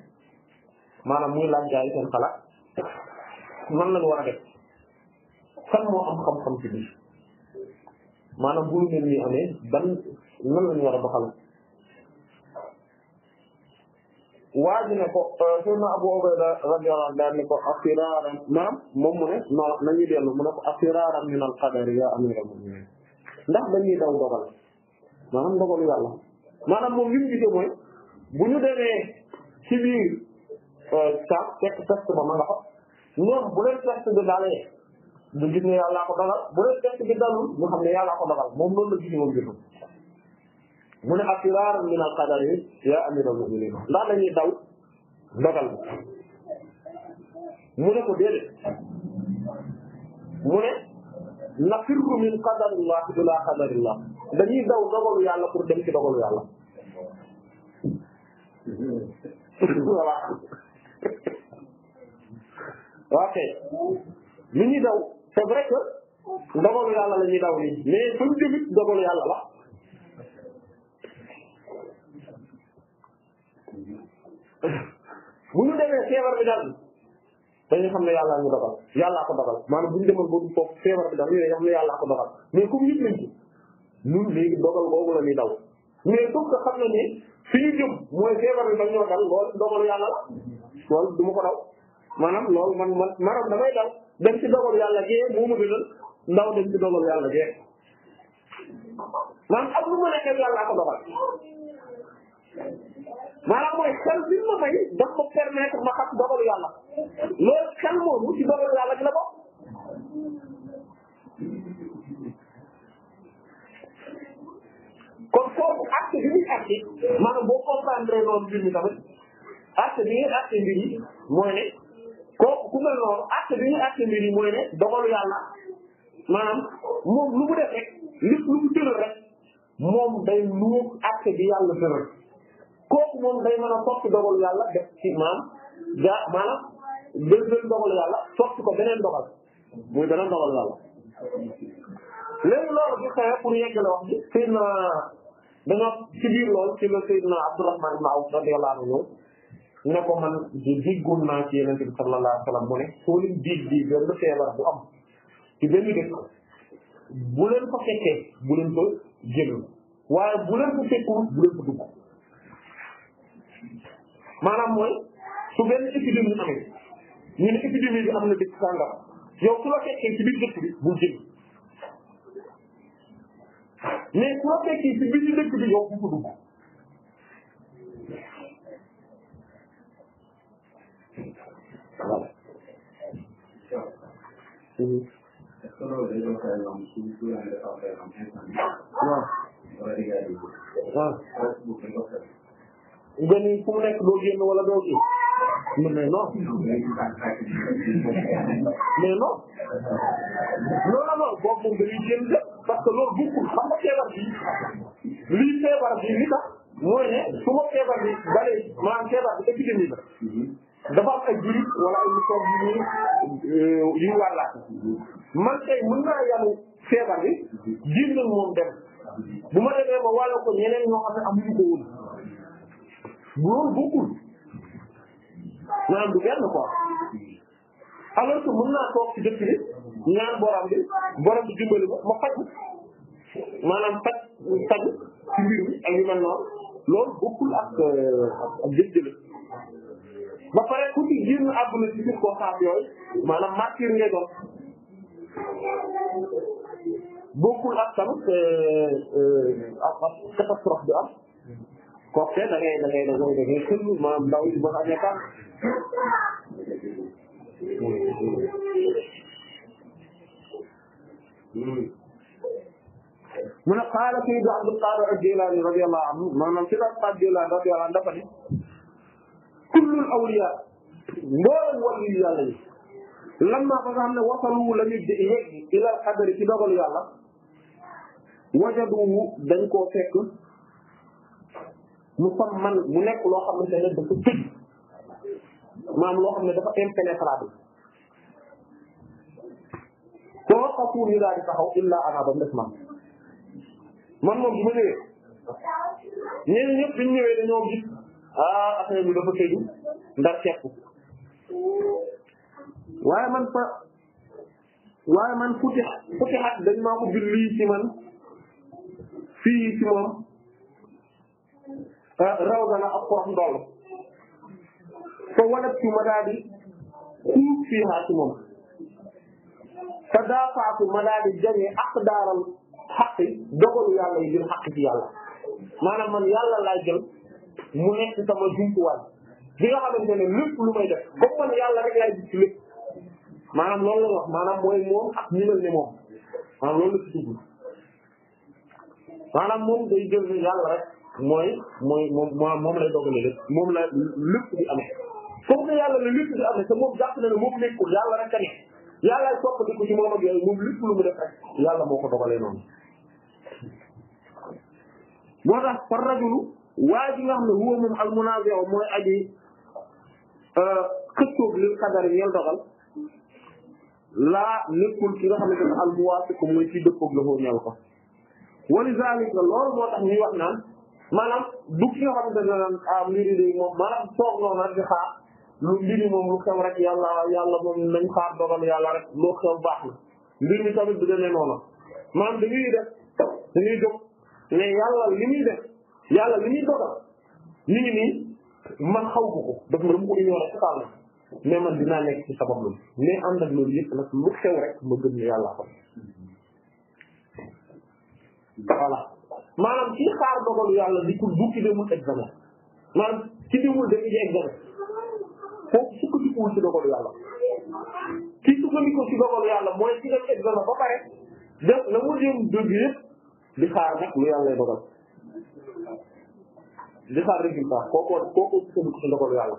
maanaam muy laaj gaay seen xalaat nan lañu war a def kan moo am xam-xam ci biir manam bu ñu ñu amé ban nan lañ wara baxal doxal waa ne ko Seydina Abu Ubayda radiyallahu anhu ne ko afiraaran maanaam moom mu ne non nañuy dellu mu ne ko afiraaran min al qadar ya amira muminin ndax dañuy daw dogal manam dogal yàlla manam moom li mu moy bu ñu déné ci euh sax tek test ba ma nga fa ñoom bu leen test bi dalé nga gis ne yàllaa ko dogal bu dee test bi dalul ñu xam ne yàllaa ko dogal moom noonu la gisee woon jotul mu ne asiraar min al qadar yi yaa amiral mu'minin ndax dañuy daw dogal bi mu ne ko déedéet mu ne nafirru min qadarillah ila qadarillah dañuy daw dogalu yàlla pour dem ci dogalu yàlla voilà ok li ñuy daw c'est vrai que dogalu yàlla la ñuy daw nii mais suñu jëmit dogalu yàlla la bu ñu demee feebar bi daal dañuy xam ne yàlla ñu dogal yàllaa ko dogal maanaam bu ñu demal ba du foofu feebar bi dogal mais comme yëpp lañ ci dogal boobu la ñuy daw mais sauf que xam na ni fi ñu jëm mooy feebar bi ba ñoo dal loolu dogalu yàlla la loolu du daw maanaam loolu man man maanaam daw. dem ci dogal yàlla gee moo ma gënal ndaw dem ci dogal yàlla gee maanaam ak lu ma nekk yàlla ko dogal maanaam mooy xel bi ma may daf ma permettre ma xam dogalu yàlla loolu xel moomu ci dogalu yàlla dina bokk kon foofu acte bi mi tamit kooku ku mel noonu acte bi ñuy acte mbir yi mooy ne dogalu yàlla maanaam moom lu mu rek lépp lu mu rek moom day nuuk acte bi yàlla tëral kooku moom day mën a soppi dogalu yàlla def ci maam ga maanaam dël dël dogalu yàlla soppi ko beneen dogal muy beneen dogalu yàlla léegi loolu bi xewee pour yeggale wax bi Seydina dañoo ci biir loolu ci la Seydina Abdourahman ibn Awf radiyallahu ne ko man di diggoon naa ci yeneen bi sallallahu alayhi wa sallam mu ne soo leen di benn feebar am ci benn dëkk bu leen ko fekkee bu leen waaye bu leen ko fekkul bu leen ko dugg maanaam mooy su benn amee ñu ne épidémie bi am na dëkk sàngam yow su la fekkee ci biir dëkk bi bul jël mais yow bu ko voilà. waaw. nga ni fu mu nekk doo génn wala doo génn. mais non. mais non. non non non boobu moom dañuy génn de parce que loolu bukkul xam nga feebar bi lii feebar bi li tax mooy ne su ma feebar bi balee maanaam feebar bi épidémie la. dafa am ay juri wala ay microbe euh, yu ñuy yu ñu wàllaat man tey mën naa yanu feebar bi génnal moom dem bu ma demee ba wàllu ko ñeneen ñoo xam ne amuñu ko woon loolu bokkul maanaam du benn quoi alors que mën naa ma faj maanaam faj faj ci mbir mi ak yu noonu loolu bokkul ak euh, ak jëjjële ba pare ku ci génn àdduna ci biir goxaat yooyu maanaam martyr ngay doon bokkul ak tamit euh, euh, ak ak catastrophe bi am kooku te da ngay da ngay da ngay da ngay xëy maanaam ndaw yi ba amee tànk mu ne qaala sayyid Abdul Qaadir Jilaani radiyallahu anhu maanaam sayyid Abdul Qaadir Jilaani radiyallahu anhu dafa ne kullul awliya mboolem wàllu yu yàlla yi lamma ba nga xam ne wasalu la ñu yegg ila qadari ci dogalu yàlla wajaduwu dañ koo fekk mu sam man mu nekk loo xamante ne dafa tëj maanaam loo xam ne dafa impénétrable daal di taxaw illa ana ba mu man moom bu ma ñëwee ñeneen ñëpp bi ñu ñëwee dañoo ah affaire bi dafa tëju ndar kepp waaye man fa waaye man futi futi xat dañ maa ko bir lii man fii ci moom ah, raw dana ak xoox ndoll fa walat ci ma daal di xuus fii xaa ci moom fa daa faaku ma daal di ak daaral xaqi dogalu yàlla yi bil xaqi yàlla maanaam man yàlla laa jël mu nekk sama jumtuwaay bi nga xamante ne lépp lu may def comme man yàlla rek laay gis ci lépp maanaam loolu la wax mooy moom ak ñu mel ne moom maanaam loolu la ci dugg maanaam moom day jël ni yàlla rek mooy mooy moom moom lay dogale lépp moom la lépp di amee comme que yàlla la lépp di amee te moom jàpp na ne moom yàlla rek a nekk yàllaay soppaliku ci moom ak yooyu moom lépp lu mu def yàlla moo ko dogalee noonu moo tax par rajulu waa ji nga xam ne huwa moom al munaazi'u mooy aji euh, xëccoog lil qadar ñeel dogal laa nekkul ki nga xamante ne al muwaafiq mooy ci dëppoog la foofu ñeel ko wa li zaalika moo tax ñuy wax naan maanaam du ki nga xamante ne naan ah, mbiri day moom maanaam toog noonu rek xaar lu mbiri moom lu xew rek yàlla yàlla moom nañ xaar dogal yàlla rek loo xew baax na mbir mi tamit du demee noonu maanaam dañuy def dañuy jóg ne yàlla li muy def yàlla li muy dogal li ngi nii man xaw ma ko daf ma dama ko ignoré totalement mais man dinaa nekk ci sabab lu mais ànd ak loolu yëpp nag lu xew rek ma gëm ne yàlla ko voilà maanaam ci xaar dogalu yàlla di ko du ki examen maanaam ci demul dañuy examen foofu sukkandikuwul ci dogalu yàlla ci sukkandiku ci dogalu yàlla mooy ci dem examen ba pare def la mu dem dëgg di xaar nag lu yàlla dogal di xaar résultat kooku kooku sukkandiku ci ndogal yàlla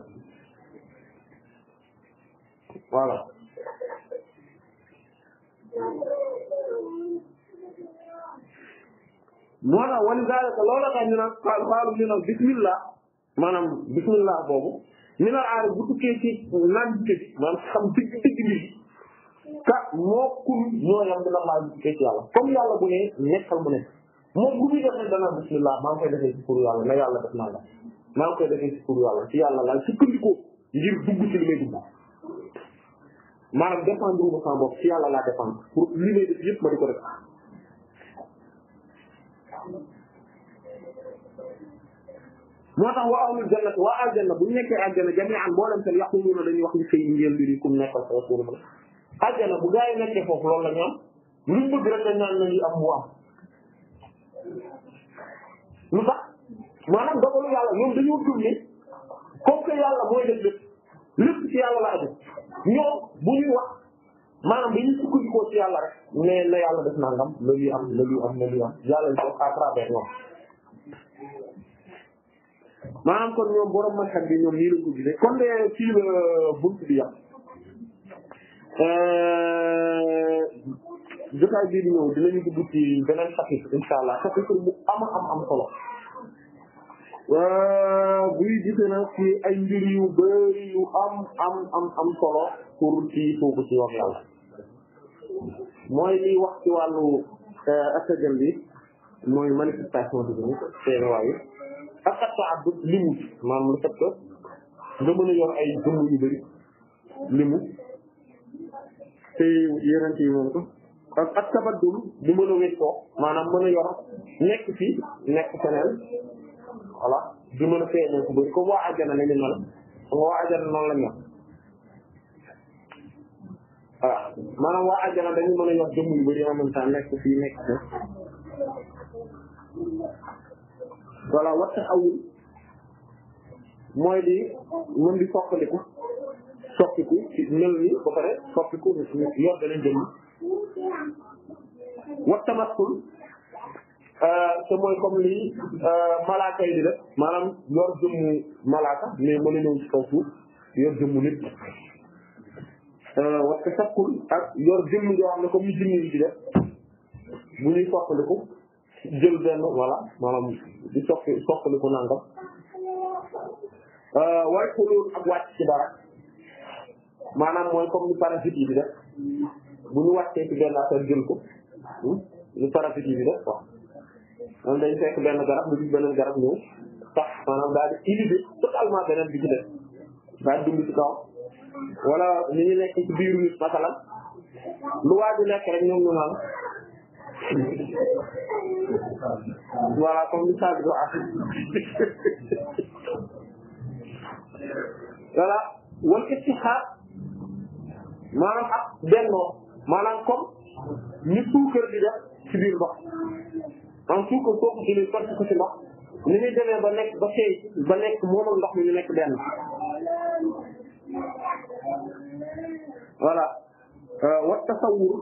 voilà moo tax wali zalika loola tax ñu naan xaal xaalu ñu naan bismillah maanaam bismillah boobu ñu naan aar bu tukkee ci naan bi maanaam xam dëgg dëgg bi ka moo kun ñoo yam dina maa tukkee ci yàlla comme yàlla bu ne nekkal mu nekk moom bu muy dana bismillah maa ngi defee ci pour yàlla na yàlla def naa la maa ngi koy defee ci pour yàlla ci yàlla laay sukkandiku ngir dugg ci li dugg maanaam dépendre ba sama yàlla laa dépendre pour li may yëpp ma di ko def moo tax waa ahlul janna waa aljanna bu ñu nekkee aljanna jami'an mboolem seen yaquluna dañuy wax ni fay ngeen di kum nekkal sa rasulullah aljanna bu gaa nekkee foofu loolu la ñu am luñ bëgg rek dañ naan nañu am mu lu tax maanaam dogalu yàlla ñoom dañoo gëm ne comme que yàlla mooy def lépp lépp ci yàlla la aju ñoom bu ñuy wax maanaam dañuy sukkandikoo ci yàlla rek mais na yàlla def nangam la luy am la luy am yàlla def à ñoom. maanaam kon ñoom borom manxat bi ñoom nii lañ ko kon de fii la euh, bunt bi yàq jotaay bii di ñëw dinañu dugg ci beneen chapitre insha allah chapitre bu ama am am solo euh, buy gisee nag ci ay mbir yu bëri am am am solo pour ci suufu ci yoon yàlla mooy liy wax ci wàllu euh, askan bi mooy manifestation divinique seen ko ak ak ta'addud limu maanaam le fait que nga mën yoon yor ay jëmm yu bëri limu te yeneen yi moom ko ak tabaddul bu mën a wéccoo maanaam mën a yor nekk fii nekk feneen voilà di mën a feeñoo ku bëri comme waa àjjana la ñu mel xam nga waa àjjana noonu la ñu voilà maanaam waa àjjana dañu mën a yor jëmm yu bëri en même temps nekk fii nekk fii voilà waxta awul mooy di mën di soppaliku soppiku ci mel ni ba pare soppiku yor danañ jëmm wa tamassul euh, te mooy comme lii euh, malaaka yi di def maanaam yor jëmmu malaaka mais mënu ñëw ci kaw suuf yor jëmmu nit euh, wa tasakkul ak yor jëmm yoo xam ne comme jëmm yi di def bu ñuy soppaliku jël benn voilà maanaam di soppi soppaliku nangam waaye ak wàcc ci dara maanaam mooy comme ni parasite yi di def bu ñu wàccee ci benn affaire jël ko hmm? lu parapluie bi def quoi man dañ fekk benn garab lu gis beneen garab ñëw maanaam daal di inhiber totalement beneen bi ci def daal dund kaw wala ni ñu nekk ci biir nit masalan lu waaju nekk rek ñoom ñu naan voilà comme li Sadio wax voilà wala istixaar maanaam ak bennoo maanaam comme ni suukar di def ci biir ndox en suukar soo ko jëlee sotti ko ci ndox ni ñu demee ba nekk ba seey ba nekk moomul ndox mi nekk benn voilà euh, wa tasawur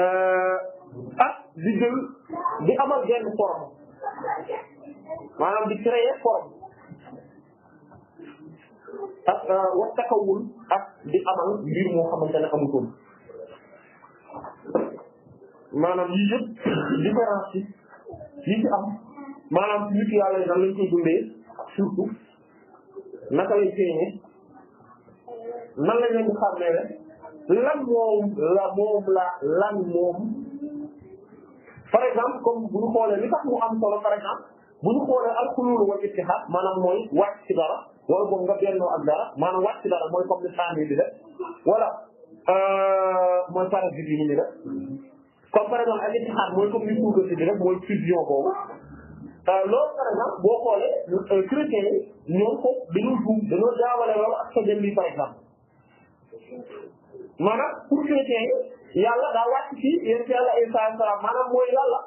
euh, ak ah, di jël di amal benn forme maanaam di créer forme ak euh, wax takawul ak di amal mbir moo xamante amutoon maanaam yii yëpp différence yi yi ci am maanaam nit yàlla yi nan lañ koy dundee surtout naka lay feeñee nan lañ leen di xàmmee ne lan moom la moom moom par exemple comme bu xoolee li tax mu am solo par exemple bu xoolee al xulul wal ittihad maanaam mooy wàcc ci dara wala boog nga bennoo ak dara maanaam wàcc dara mooy comme ni saan yi di def wala euh, mooy parasite yi ni ñu def comme par exemple ak mooy comme ni suuf si di def mooy fusion boobu euh, loolu par exemple boo xoolee euh, chrétien ñoom ko dañoo juum dañoo jaawale loolu ak sajal pour chrétien yi yàlla daa wàcc ci yéen ci yàlla ay saa salaam maanaam mooy yàlla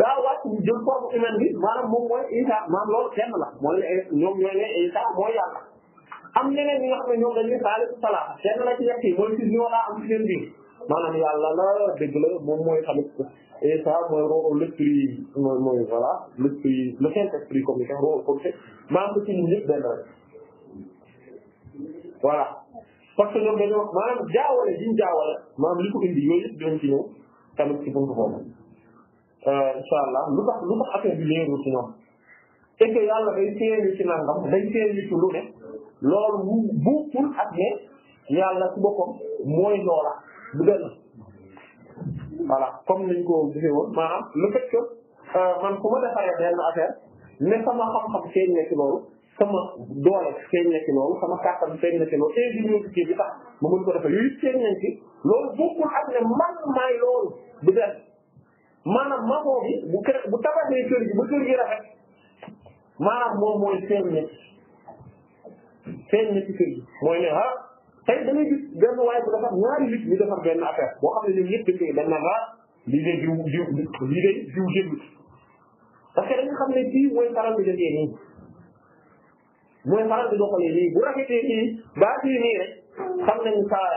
daa wàcc ñu jël forme humaine bi maanaam moom mooy Isa maanaam loolu kenn la mooy ñoom ñooy ne Isa mooy yàlla am ñeneen ñi nga xam ne ñoom dañuy saalisu salaam kenn la ci yàq yi mooy si ñoo daa am ci seen biir maanaam yàlla la dëgg la moom mooy tamit Isa mooy roo l'esprit mooy mooy voilà l'esprit le Saint-Esprit comme ni ko roo comme que maanaam la ci ñun ñëpp benn rek voilà parce que ñoom dañoo maanaam jaawale jiñ jaawale maanaam li ko indi yooyu yëpp dinañ ci ñëw tamit ci buntu boobu Euh, incha allah lu tax lu tax affaire bi leerul ci ñoom et que yàlla day feeñu ci nangam day feeñu ci lu ne loolu bu buukul ak ne yàlla ci boppam mooy loola bu benn voilà comme ko gisee woon maanaam le fait que euh, man ku defaree ne sama xam-xam feeñ na loolu sama doole feeñ na loolu sama kàttan feeñ na loolu ingéniosité bi tax ma mën ko defee yooyu feeñ nañ ci loolu buukul ak ne man maay loolu bu maanaam maçon bi bu kere bu tabaxee kër gi ba kër gi rafet maanaam moom mooy feeñ ne feeñ ne ci kër gi mooy ne ah tey da ngay gis benn waay bu defar ñaari nit ñu defar benn affaire boo xam ne ñoom ñëpp dañ koy dem na la ah lii de jiw jiw lii de jiw jënd parce que dañu xam ne fii mooy faral di defee nii mooy faral di doxalee nii bu rafetee nii baa fii nii rek xam nañu saa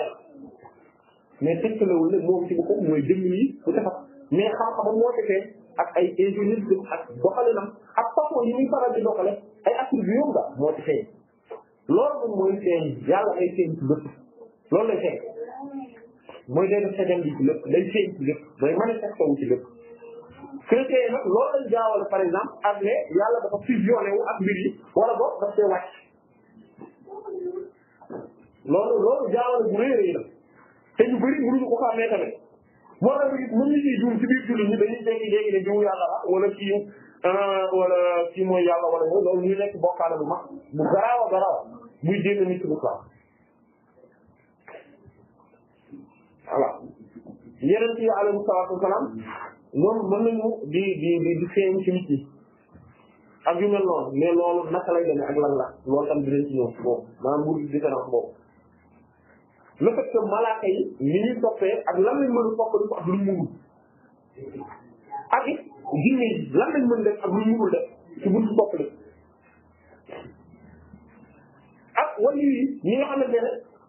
mais tëkkalewul ne moom ci boppam mooy jëmm yi bu defar. mais xam-xamam moo ci feeñ ak ay ingénieurs yi ak doxalinam ak façon yi muy faral di doxale ay attributs yom la moo ci feeñ loolu moom mooy feeñ yàlla ay feeñ ci lépp loolu lay feeñ mooy day def sajam bi ci lépp day feeñ ci lépp day manifesté wu ci lépp chrétien yi nag loolu lañ jaawale par exemple ak ne yàlla dafa fusionné wu ak mbir yi wala boog daf see wàcc loolu loolu jaawale bu réy réy la te ñu bëri mënuñu ko xamee tamit moo tax ñun ñu ngi juum ci biir jullit ñi dañuy jékki jékki ne jiwu yàlla la wala kii ah, wala kii mooy yàlla wala mooy loolu ñu nekk bokkaale bu mag bu garaaw a garaaw buy jéem nit ci lislaam voilà sa yi alayhi salaatu wasalaam ñoom mën nañu di di di di feeñ ci nit ñi ak yu mel noonu mais naka lay demee ak lan la loolu tam dinañ ci ñëw boobu maanaam bu différence boobu le fait que malaaka yi ni ñuy toppee ak lan lañ mën a topp di ko ak lu mu mënul ak it jinne yi lañ mën def ak lu mu mënul def ne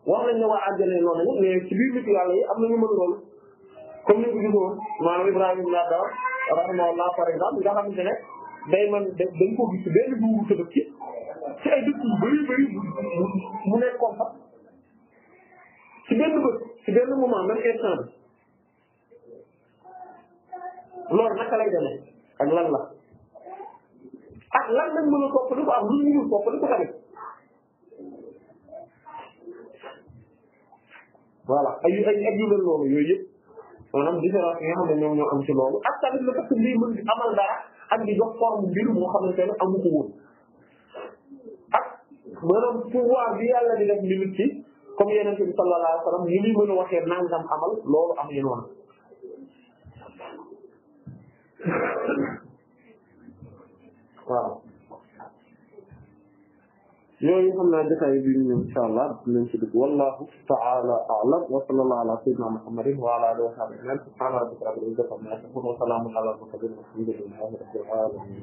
wax nañ ne waa àjjana noonu la mais ci biir nit yàlla yi am na ñu mën loolu comme ni ko gisoon maanaam Ibrahima ibn Adham rahimahullah par exemple nga xamante ne day man da dañ ko gis benn dugub ci dëkk ci ay dëkk yu bëri mu nekk comme ci benn bët ci benn moment même instant bi loolu naka lay ak lan la ak lan lañ mën a topp di ko am lu ñu ñuul topp ko xamee voilà ay ay ak yu mel noonu yooyu yëpp maanaam différence yi nga xam ne ñoom ñoo am loolu ak tamit le fait que lii mën di amal dara ak di jox forme mbiru moo xamante ne amu ko woon ak maanaam pouvoir bi yàlla di def limite ci comme yeneen bi sallallahu alayhi wa sallam ni muy mën a waxee nangam amal loolu am leen woon waaw yooyu xam naa jotaay bi ñu ñëw insha allah dinañ ci dugg wallahu ta'ala a'lam wa sallallahu ala sayyidina muhammadin wa ala alihi wa sahbihi ajma'in subhana rabbika rabbil izzati amma yasifun wa salamun ala al mursalin walhamdulillahi rabbil alamin